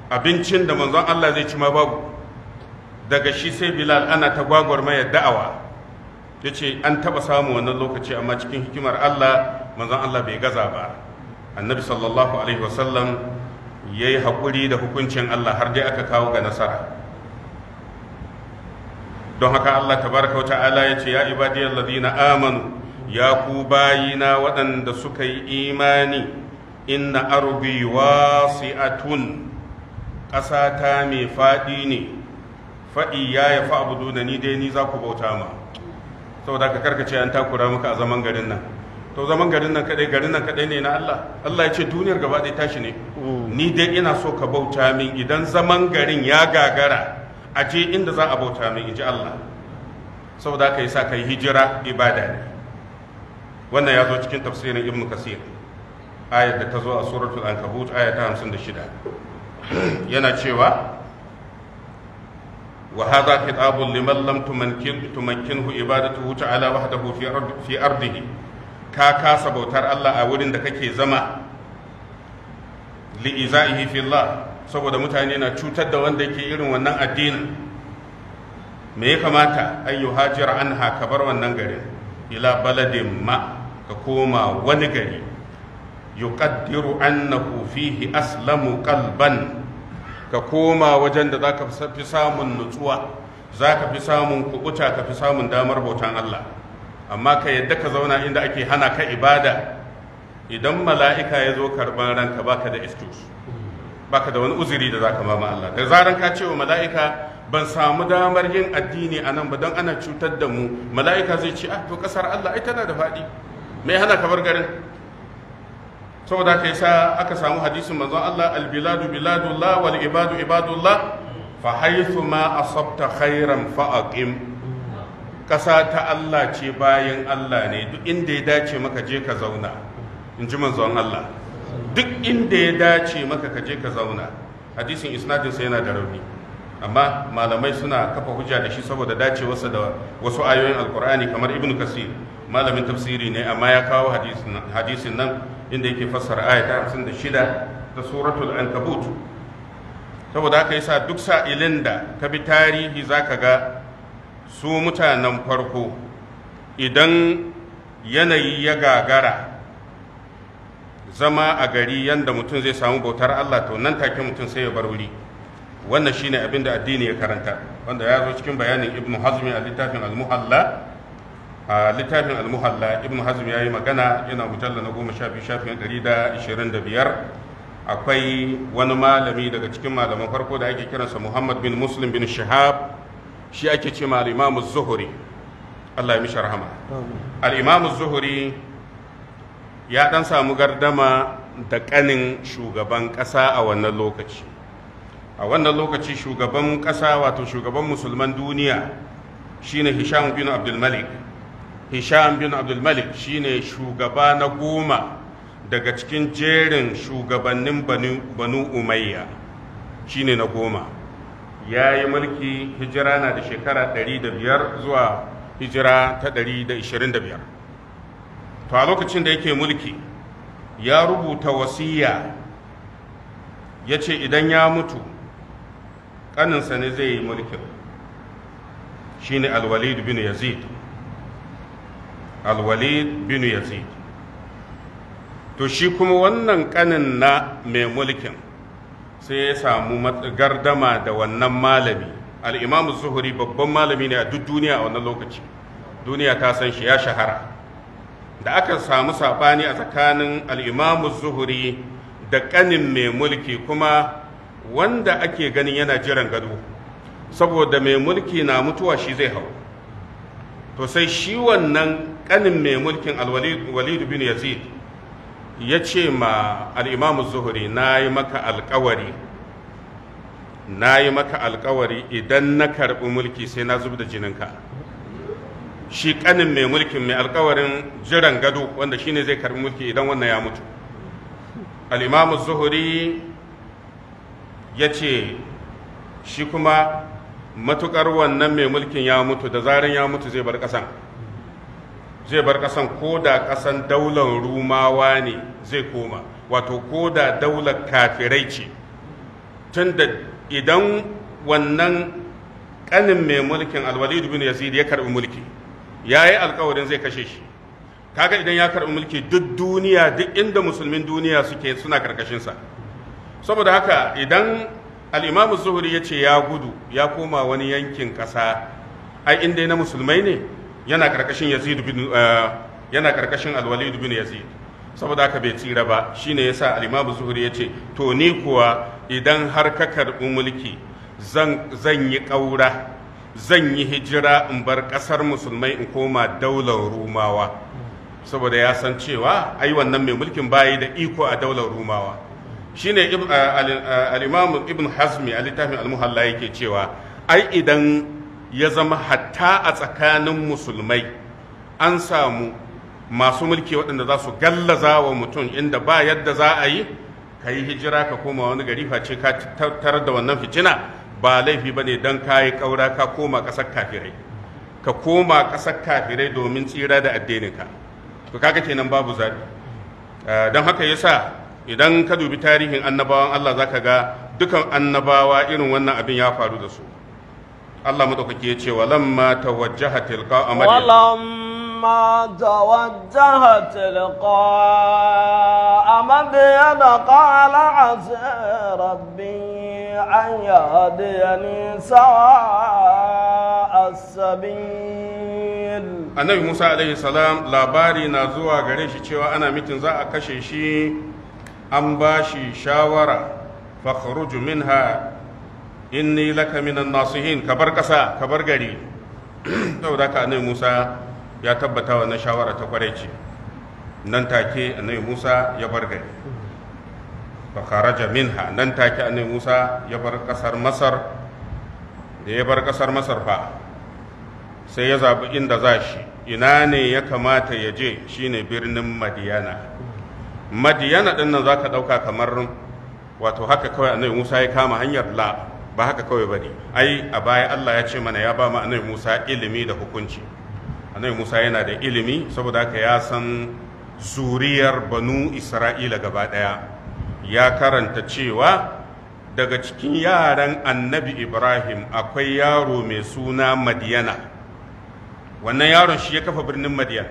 abincin da manzon allah zai ci ma babu daga shi sai bilal ana ta gwagwarmayar da'awa ya ce an taɓa samu wannan lokaci amma cikin hikimar allah manzon allah bai gaza ba annabi sallallahu alaihi wasallam ya yi haƙuri da hukuncin allah har dai aka kawo ga nasara don haka Allah tabaraka wa ta'ala ya ce ya ibadiyar ladina amanu ya ku bayina waɗanda suka yi imani inna arbi wasi'atun ƙasa ta mai faɗi ne faɗi ya ya abu da ni dai ni za ku bauta ma saboda ka karkace an takura maka a zaman garin nan to zaman garin nan kaɗai, garin nan kaɗai ne na Allah Allah ya ce duniyar gaba ɗaya tashi ne mm. ni dai ina so ka bauta min idan zaman garin ya gagara a je inda za a bauta min in ji Allah saboda ka yi sa ka yi hijira ibada ne wannan ya zo cikin tafsirin ibn kasir ayar da ta zo a suratul ankabut ayar ta hamsin da shida yana cewa wa hadha khitabun liman lam tumankin tumankinhu ibadatuhu ta'ala wahdahu fi fi ardihi ka kasa bautar Allah a wurin da kake zama li izaihi fillah saboda mutane na cutar da wanda yake irin wannan addinin me ya kamata an yi hajiyar an haka bar wannan garin ila baladin ma ka koma wani gari yuqaddiru annahu fihi aslamu qalban ka koma wajen da zaka fi samun nutsuwa zaka fi samun kubuta ka fi samun damar bautan Allah amma ka yadda ka zauna inda ake hana ka ibada idan mala'ika ya zo karban ranka baka da istus baka da wani uzuri da zaka ma Allah da zaran ka ce wa mala'ika ban samu damar yin addini a nan ba don ana cutar da mu mala'ika zai ce ah to kasar Allah ai tana da faɗi mai hana ka bar garin saboda ka sa aka samu hadisin manzon Allah albiladu biladullah wal ibadu ibadullah fa haythu ma asabta khairan fa aqim kasa ta Allah ce bayan Allah ne duk inda ya dace maka je ka zauna in ji manzon Allah duk inda ya dace maka ka je ka zauna hadisin isnadinsa yana da rauni amma malamai suna kafa hujja da shi saboda dacewarsa da wasu ayoyin alkur'ani kamar ibnu kasir malamin tafsiri ne amma ya kawo hadisin nan inda yake fassara aya ta shida ta suratul ankabut saboda haka yasa duk sa'ilin da ka bi tarihi zaka ga su mutanen farko idan yanayi ya gagara zama a gari yanda mutum zai samu bautar Allah to nan take mutum sai ya bar wuri wannan shine abin da addini ya karanta wanda ya zo cikin bayanin ibnu hazmi a littafin al-muhalla a littafin al-muhalla ibnu hazmi yayi magana yana mujalla na 12 shafin 125 akwai wani malami daga cikin malaman farko da ake kiransa Muhammad bin Muslim bin shahab shi ake ce ma al-Imam az-Zuhri Allah ya mishi rahama al-Imam az-Zuhri ya ɗan samu gardama da ƙanin shugaban ƙasa a wannan lokaci a wannan lokaci shugaban ƙasa wato shugaban musulman duniya shine hisham bin Abdul Malik. hisham bin Abdul Malik shine shugaba na goma daga cikin jerin shugabannin banu umayya shine na goma ya yi mulki hijira na da shekara 105 zuwa hijira ta 125 to a lokacin da yake mulki ya rubuta wasiya ya ce idan ya mutu ƙaninsa ne zai yi mulkin shi ne alwalid bin yazid alwalid bin yazid to shi kuma wannan ƙanin na mai mulkin sai ya samu gardama da wannan malami al'imamu zuhuri babban malami ne a duk duniya a wannan lokaci duniya ta san shi ya shahara da aka samu sabani a tsakanin al'imamu zuhuri da ƙanin mai mulki kuma wanda ake ganin yana jiran gado saboda mai mulki na mutuwa shi zai hau to sai shi wannan ƙanin mai mulkin alwalidu bin yazid ya ce ma al'imamu zuhuri na yi maka alkawari na yi maka alkawari idan na karɓi mulki sai na zub da jininka shi kanin mai mulkin mai alkawarin jiran gado wanda shine zai karbi mulki idan wannan ya mutu al-imamu zuhuri ya ce shi kuma matukar wannan mai mulkin ya mutu da zarin ya mutu zai bar kasan zai bar kasan ko da kasan daular rumawa ne zai koma wato ko da daular kafirai ce tunda idan wannan kanin mai mulkin alwalid bin yazid ya karbi mulki ya yi alkawarin zai kashe shi kaga idan ya karɓi mulki duk duniya duk inda musulmin duniya suke suna karkashinsa saboda haka idan al'imamu zuhuri ya ce ya gudu ya koma wani yankin ƙasa ai inda na musulmai ne yana karkashin yazid bin eh, yana karkashin alwalid bin yazid saboda haka bai tsira ba shine yasa al'imamu zuhuri ya ce to ni kuwa idan har ka karɓi mulki zan yi ƙaura zan yi hijira in bar ƙasar musulmai in koma daular rumawa saboda ya san cewa ai wannan mai mulkin bayi da iko a daular rumawa shine al-imam ibn hazmi a littafin al-muhalla yake cewa ai idan ya zama hatta a tsakanin musulmai an samu masu mulki waɗanda za su gallaza wa mutum inda ba yadda za a yi ka yi hijira ka koma wani gari face ka tarar da wannan fitina ba laifi ba ne don ka yi ƙaura ka koma ƙasar kafirai ka koma ƙasar kafirai domin tsira da addininka ka kaga kenan babu zaɓi ah, don haka yasa idan ka dubi tarihin annabawan Allah za ka ga dukan annabawa irin wannan abin ya faru da su Allah madaukaki ya cewa walamma tawajjaha tilqa amadin walamma tawajjaha tilqa amadin qala azza rabbi أن يهديني سواء السبيل musa alaihi salam labari na zuwa gare shi cewa ana mitin za a kashe shi an ba shi shawara fakhruju minha inni laka minan nasihin ka bar ƙasa ka bar gari saboda ka annabi musa ya tabbata shawara ta ce nan take annabi musa ya bar gari fakaraja minha nan take annabi Musa ya bar kasar Masar da ya bar kasar Masar fa sai ya zabi inda za shi ina ne ya kamata ya je shine birnin Madiyana Madiyana din nan zaka ɗauka kamar wato haka kawai annabi Musa ya kama hanyar la ba haka kawai ne ai a baya Allah ya ce mana ya ba mu annabi Musa ilimi da hukunci annabi Musa yana da ilimi saboda haka ya san zuriyar banu Isra'ila gaba ɗaya. ya karanta cewa daga cikin yaran annabi ibrahim akwai yaro mai suna madiyana wannan yaron shi ya kafa birnin madiyan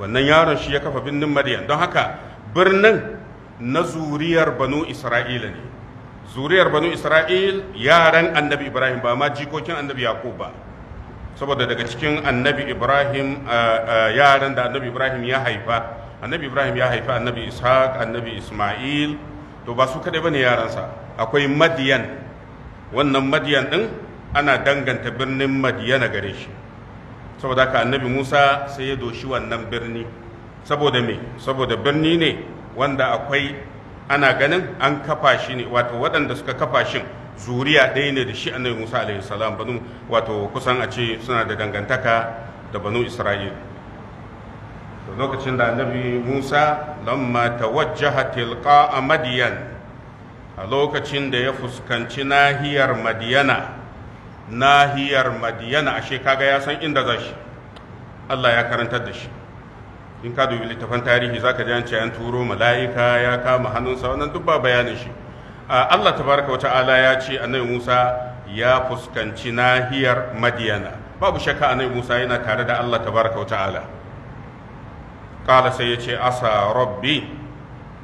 wannan yaron shi ya kafa birnin madiyan don haka birnin na zuriyar banu isra'ila ne zuriyar banu isra'il yaran annabi ibrahim ba ma jikokin annabi yakub ba saboda daga cikin annabi ibrahim yaran da annabi ibrahim ya haifa annabi ibrahim ya haifi annabi ishaq annabi isma'il to ba su kadai bane yaransa akwai madiyan wannan madiyan din ana danganta birnin madiyana gare shi saboda haka annabi musa sai ya doshi wannan birni saboda me saboda birni ne wanda akwai ana ganin an kafa shi ne wato waɗanda suka kafa shin zuriya ɗaya ne da shi annabi musa alaihi salam banu wato kusan a ce suna da dangantaka da banu isra'il lokacin da annabi Musa lamma tawajjaha tilqa Madiyan a lokacin da ya fuskanci nahiyar Madiyana nahiyar Madiyana ashe kaga ya san inda shi, Allah ya karantar da shi in ka dubi littafan tarihi zaka ji an ce an turo mala'ika ya kama hannunsa wannan duk ba bayanin shi Allah tabaraka wa ta'ala ya ce annabi Musa ya fuskanci nahiyar Madiyana babu shakka annabi Musa yana tare da Allah tabaraka wa ta'ala ƙala sai ya ce asa rabbi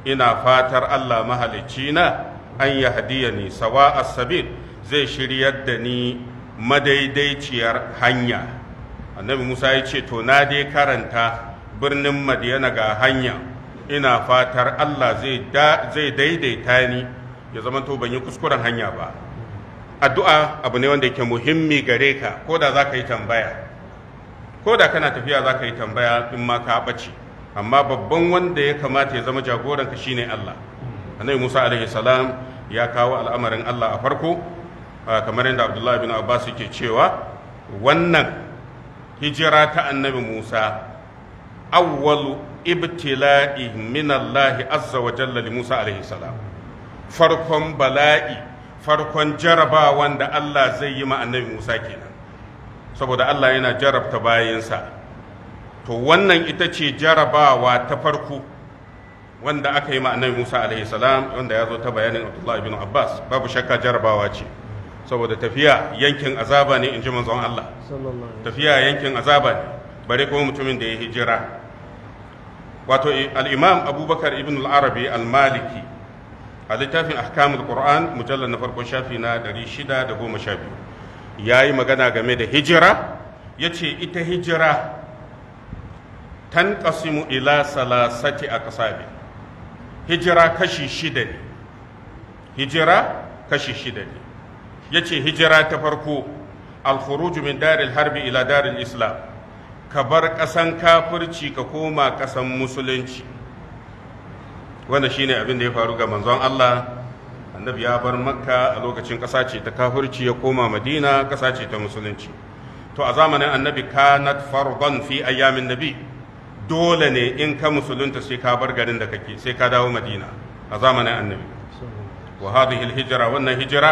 ina fatar allah mahalicci na an ya hadiya ni sawa zai shiryar da ni madaidaiciyar hanya annabi musa ya ce to na dai karanta birnin madiyana ga hanya ina fatar allah zai daidaita ni ya zama to ban yi kuskuren hanya ba addu'a abu ne wanda yake muhimmi gare ka ko da za ka yi tambaya ko da kana tafiya za ka yi tambaya in ma ka ɓace amma babban wanda ya kamata ya zama jagoranka shine Allah annabi Musa alaihi salam ya kawo al'amarin Allah a farko kamar yadda Abdullah bin Abbas yake cewa wannan hijira ta annabi Musa awwalu ibtila'i min Allah azza wa jalla li Musa alaihi salam farkon bala'i farkon jarabawan da Allah zai yi ma annabi Musa kenan saboda Allah yana jarabta bayinsa to wannan ita ce jarabawa ta farko wanda aka yi ma'anar musa alaihi salam wanda ya zo ta bayanin abdullah ibn abbas babu shakka jarabawa ce saboda tafiya yankin azaba ne in ji manzon allah tafiya yankin azaba ne bare kuma mutumin da ya hijira wato Al'imam abubakar ibn al-arabi al-maliki a littafin ahkamul qur'an mujallar na farkon shafi na 612 yi magana game da hijira ya ce ita hijira tanqasimu ila salasati aqsabi hijira kashi shida ne hijira kashi shida ne yace hijira ta farko al min daril harbi ila daril islam ka bar ƙasan kafirci ka koma ƙasan musulunci wanda shine abin da ya faru ga manzon Allah annabi ya bar makka a lokacin ƙasa ce ta kafirci ya koma madina ƙasa ce ta musulunci to a zamanin annabi kanat fardan fi ayyamin nabi dole ne in ka musulunta sai ka bar garin da kake sai ka dawo madina a zamanin annabi wa hadhihi hijira wannan hijira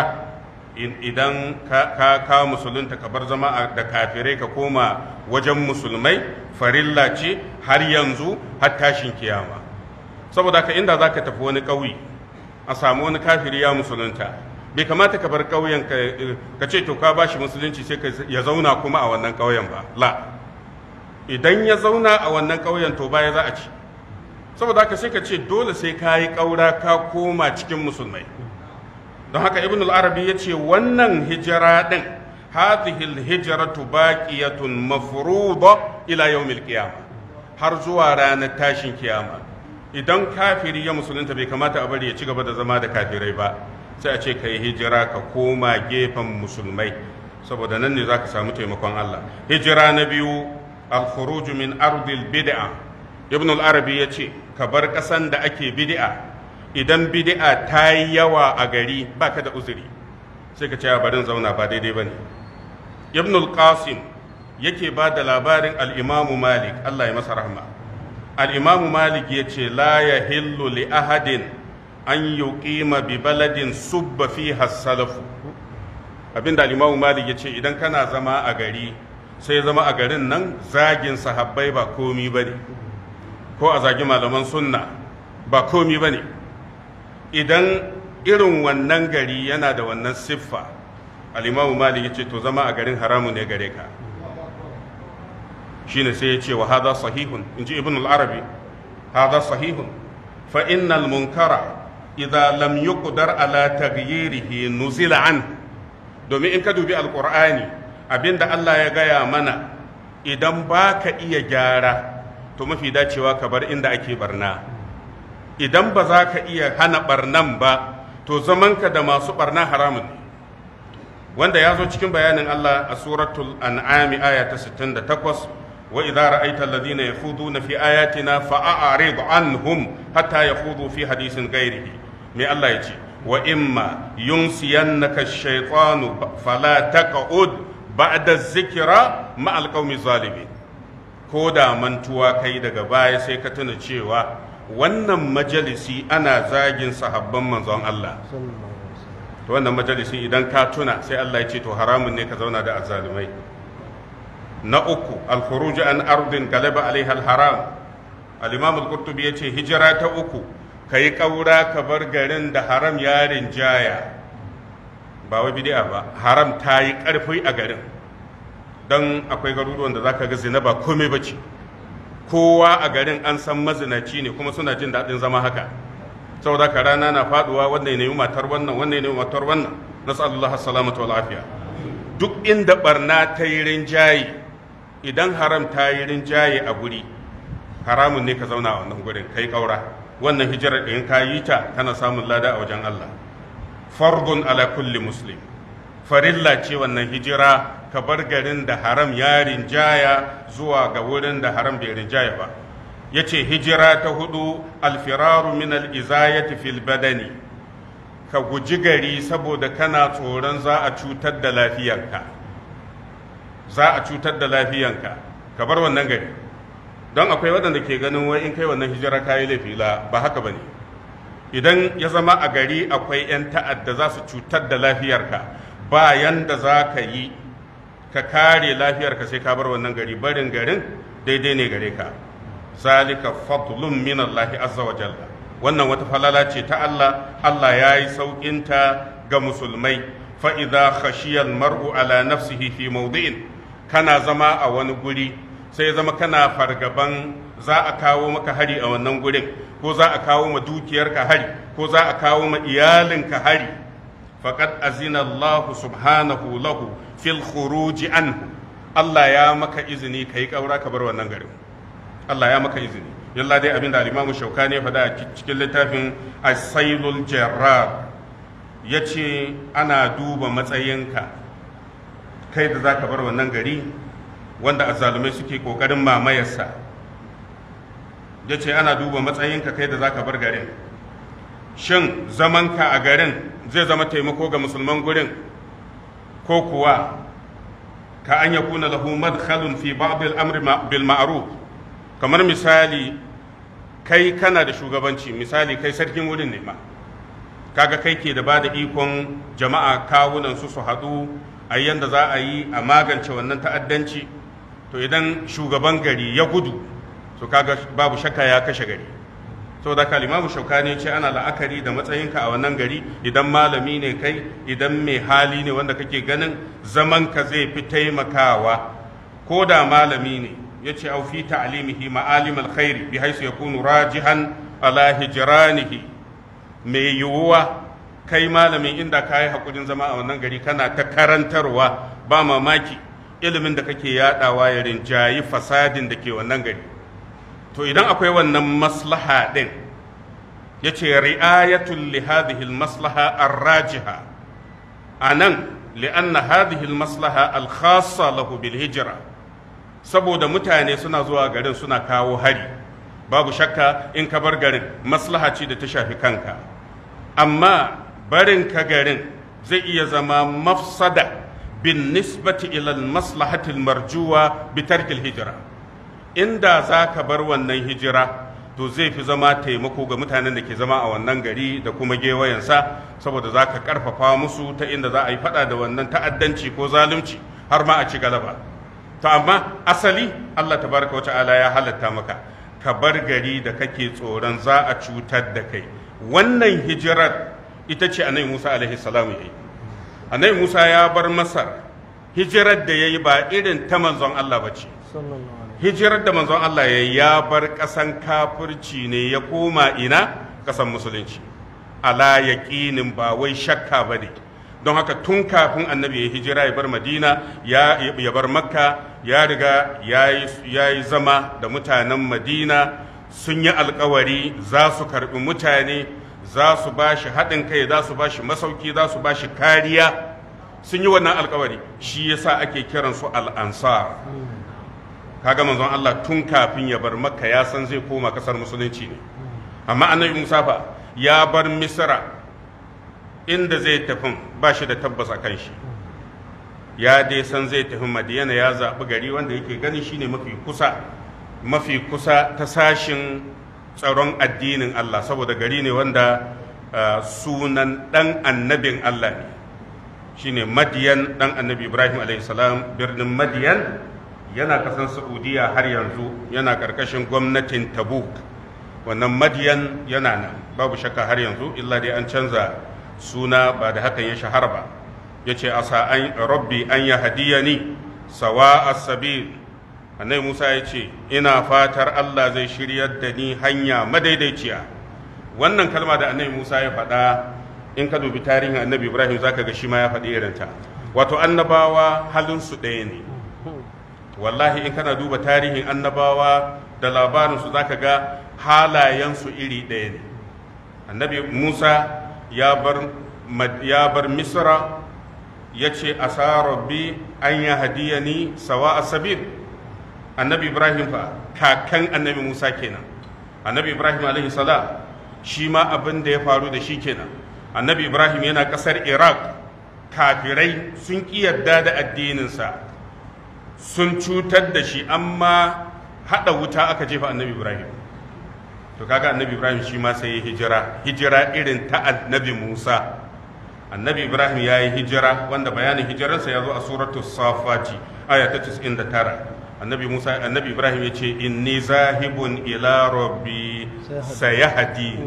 idan ka ka musulunta ka bar zama da kafirai ka koma wajen musulmai farilla ce har yanzu har tashin kiyama saboda ka inda zaka tafi wani ƙauye a samu wani kafiri ya musulunta bai kamata ka bar ƙauyen ka ce to ka bashi musulunci sai ya zauna kuma a wannan kauyen ba la idan ya zauna a wannan ƙauyen to baya za a ci saboda haka sai ka ce dole sai ka yi ƙaura ka koma cikin musulmai don haka ibn al-arabi ya ce wannan hijira ɗin hadhihi al-hijratu baqiyatun mafruḍa ila yawm al-qiyamah har zuwa ranar tashin kiyama idan kafiri ya musulunta bai kamata a bari ya ci gaba da zama da kafirai ba sai a ce ka yi hijira ka koma gefen musulmai saboda nan ne za ka samu taimakon Allah hijira na biyu al-khuruj min ardil bid'a ibn al-arabi yace ka bar kasan da ake bid'a idan bid'a ta yi yawa a gari baka da uzuri sai ka ce barin zauna ba daidai bane ibn al-qasim yake ba da labarin al-imamu malik Allah ya rahma al-imamu malik yace la yahillu li ahadin an yuqima bi baladin subba fiha as-salafu abinda al-imamu malik yace idan kana zama a gari sai zama a garin nan zagin sahabbai ba komi ba ne ko a zagi malaman sunna ba komi ba ne idan irin wannan gari yana da wannan siffa alimamu malik ya ce to zama a garin haramu ne gare ka shine sai ya ce wa hada sahihun in ji ibn al-arabi hada sahihun fa innal munkara idza lam yuqdar ala taghyirihi nuzila an domin in ka dubi alqur'ani Abin da Allah ya gaya mana idan ba ka iya gyara to mafi dacewa ka bar inda ake barna idan ba za ka iya hana barnan ba to zamanka da masu barna haramun ne wanda ya zo cikin bayanin Allah a suratul an'ami aya ta 68 wa idza ra'aita alladhina yakhuduna fi ayatina fa'arid anhum hatta yakhudu fi hadisin ghairihi me Allah ya ce wa imma yunsiyannaka ash-shaytanu fala taq'ud ba'da zikira ma alqaumi zalimi ko da mantuwa kai daga baya sai ka tuna cewa wannan majalisi ana zagin sahabban manzon Allah to wannan majalisi idan ka tuna sai Allah ya ce to haramun ne ka zauna da azzalumai na uku al-khuruj an ardin galaba alaiha al-haram al-imam al-qurtubi yace hijira ta uku ka yi ƙaura ka bar garin da haram yarin jaya ba wai bidi'a ba haram ta yi ƙarfi a garin don akwai garuruwan da zaka ga zina ba komai ce kowa a garin an san mazinaci ne kuma suna jin daɗin zama haka saboda ka rana na faduwa wannan ne matar wannan wannan ne matar wannan nas'alullah salamatu wal afiya duk inda barna ta yi rinjaye idan haram ta yi rinjaye a guri haramun ne ka zauna a wannan gurin kai kaura wannan hijirar in ka yi ta kana samun lada a wajen Allah fargun ala kulli muslim farilla ce wannan hijira ka bar garin da haram ya rinjaya zuwa ga wurin da haram bai rinjaya ba ya ce hijira ta hudu alfiraru min al'izayati fil badani ka guji gari saboda kana tsoron za a cutar da lafiyanka za a cutar da lafiyanka ka bar wannan gari don akwai waɗanda ke ganin wai in kai wannan hijira kayi laifi la ba haka ba ne idan ya zama a gari akwai 'yan ta'adda za su cutar da lafiyarka bayan da za ka yi ka kare lafiyarka sai ka bar wannan gari barin garin daidai ne gare ka zalika fadlun min Allah azza wa jalla wannan wata falala ce ta Allah Allah ya yi sauƙinta ga musulmai fa idza khashiya mar'u ala nafsihi fi mawdi'in kana zama a wani guri sai zama kana fargaban za a kawo maka hari a wannan gurin ko za a kawo ma dukiyarka hari ko za a kawo ma iyalinka hari faqad azina Allah subhanahu lahu fil khuruji anhu Allah ya maka izini kai kaura ka bar wannan garin Allah ya maka izini yalla dai abin da imam Shawkani ya a cikin littafin As-Sailul Jarrar yace ana duba matsayinka kai da zaka bar wannan gari wanda azzalumai suke ƙoƙarin mamayarsa ya ce ana duba matsayinka kai da za ka bar garin shin zamanka a garin zai zama taimako ga musulman gurin ko kuwa ka an ya kuna lahu madkhalun fi ba'd al-amri bil ma'ruf kamar misali kai kana da shugabanci misali kai sarkin wurin ne ma kaga kai ke da bada ikon jama'a kawunan su su haɗu a yanda za a yi a magance wannan ta'addanci to idan shugaban gari ya gudu to kaga babu shakka ya kashe gari da kalima mu shauka ne ce ana la'akari da matsayinka a wannan gari idan malami ne kai idan mai hali ne wanda kake ganin zaman ka zai fi taimakawa ko da malami ne ya ce au fi ta'alimihi ma'alim alkhairi bi haisu yakunu rajihan ala hijranihi mai yiwuwa kai malamin inda ka yi hakurin zama a wannan gari kana ta karantarwa ba mamaki ilimin da kake yadawa ya rinjayi fasadin da ke wannan gari to idan akwai wannan maslaha din yace ri'ayatul li hadhihi al maslaha ar-rajiha anan maslaha al المصلحة الخاصة bil hijira. saboda mutane suna zuwa garin suna kawo hari babu shakka in ka bar garin maslaha ce da ta shafi kanka amma barin ka garin zai iya zama mafsada bin nisbati ilal maslahatil marjuwa bi tarkil hijira inda za ka bar wannan hijira to zai fi zama taimako ga mutanen da ke zama a wannan gari da kuma gewayensa saboda za ka karfafa musu ta inda za a yi faɗa da wannan ta'addanci ko zalunci har ma a ci galaba to amma asali Allah ta tabaraka wa ta'ala ya halatta maka ka bar gari da kake tsoron za a cutar da kai wannan hijirar ita ce annabi Musa alaihi salamu yayi annabi Musa ya bar Masar hijirar da yayi ba irin ta manzon Allah bace hijirar da manzon Allah ya ya bar ƙasan kafirci ne ya koma ina ƙasan musulunci ala yaqinin ba wai shakka bane don haka tun kafin annabi ya hijira ya bar madina ya bar makka ya riga ya yi zama da mutanen madina sun yi alkawari za su karbi mutane za su ba shi haɗin kai za su ba shi masauki za su ba shi kariya sun yi wannan alkawari shi yasa ake kiransu al'ansar kaga manzon Allah tun kafin ya bar maka ya san zai koma kasar musulunci ne amma annabi Musa fa ya bar Misra inda zai tafi ba shi da tabbas kan shi ya dai san zai tafi Madiyana ya zaɓi gari wanda yake ganin shine mafi kusa mafi kusa ta sashin tsaron addinin Allah saboda gari ne wanda uh, sunan ɗan annabin Allah ne shine madiyan ɗan annabi ibrahim salam birnin madiyan yana kasan saudiya har yanzu yana ƙarƙashin gwamnatin tabuk wannan madiyan yana nan babu shakka har yanzu illa dai an canza suna ba da hakan ya shahara ba ya ce asa rabbi an ya hadiyani sawa as-sabil annai musa ya ce ina fatar allah zai shiryar da ni hanya madaidaiciya wannan kalma da annai musa ya faɗa in ka dubi tarihin annabi ibrahim zaka ga shi ma ya faɗi irinta wato annabawa halinsu ɗaya ne wallahi in kana duba tarihin annabawa da labarinsu zaka ga halayensu iri ɗaya ne annabi musa ya bar misra ya ce asa rabbi an ya hadiya ni sawa a sabir annabi ibrahim fa kakan annabi musa kenan annabi ibrahim alaihi sala, shi ma abin da ya faru da shi kenan annabi ibrahim yana kasar iraq kafirai sun ki yarda da addininsa sun cutar da shi amma haɗa wuta aka jefa annabi ibrahim to kaga annabi ibrahim shi ma sai ya hijira hijira irin ta annabi musa annabi ibrahim ya yi hijira wanda bayanin hijirarsa ya zo a suratu safati aya ta 99 annabi musa annabi ibrahim ya ce inni zahibun ila rabbi sayahdi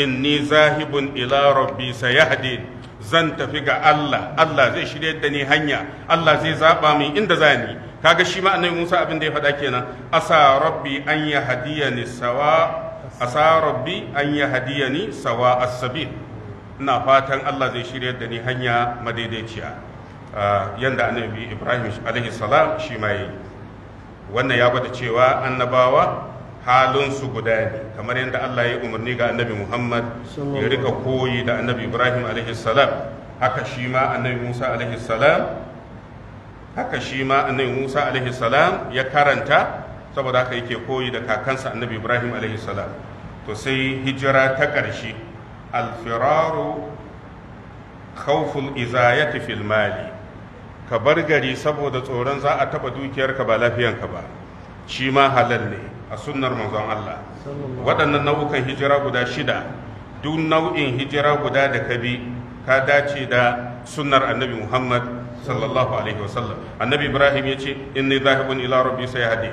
inni zahibun ila rabbi sayahdi zan tafi ga Allah Allah zai shirye da ni hanya Allah zai zaba min inda za zani kaga shi ma annabi musa abin da ya faɗa kenan asa rabbi an yahdiyani sawa asa rabbi an yahdiyani sawa as-sabil ina fatan Allah zai shirye da ni hanya madaidaiciya ah, yanda annabi Ibrahim alaihi salam shi ma yayi wannan ya gwada cewa annabawa halinsu guda ne kamar yadda Allah ya umarni ga annabi Muhammad ya rika koyi da annabi Ibrahim salam haka shi ma annabi Musa alaihissalam haka shi ma annabi Musa alaihissalam ya karanta saboda haka yake koyi da kakansa annabi Ibrahim salam to sai hijira ta ƙarshe alfiraru khawful izayati fil mali ka bar gari saboda tsoron za a taɓa dukiyarka ba lafiyanka ba shi ma halal ne a sunnar manzon Allah waɗannan nau'ukan hijira guda shida duk nau'in hijira guda da ka bi ka dace da sunnar annabi Muhammad sallallahu alaihi wasallam annabi Ibrahim ya ce inni zahibun ila rabbi hade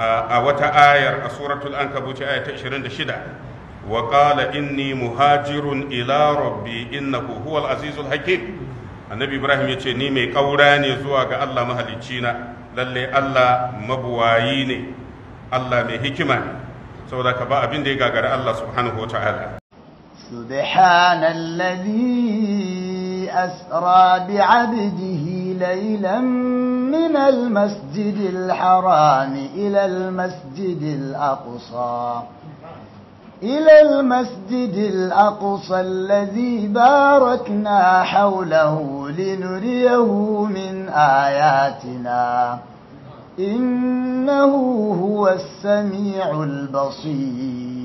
a wata ayar a suratul ankabut aya ta 26 وقال إني مهاجر إلى ربي إنه huwal azizul hakim annabi ibrahim ya ce ni mai ƙaura ne zuwa ga allah mahalicci na lalle allah mabuwayi ne allah mai hikima ne saboda ka ba abin da ya gagara allah subhanahu wa ta'ala سبحان الذي أسرى بعبده ليلا من المسجد الحرام إلى المسجد الأقصى إلى المسجد الأقصى الذي باركنا حوله لنريه من آياتنا إنه هو السميع البصير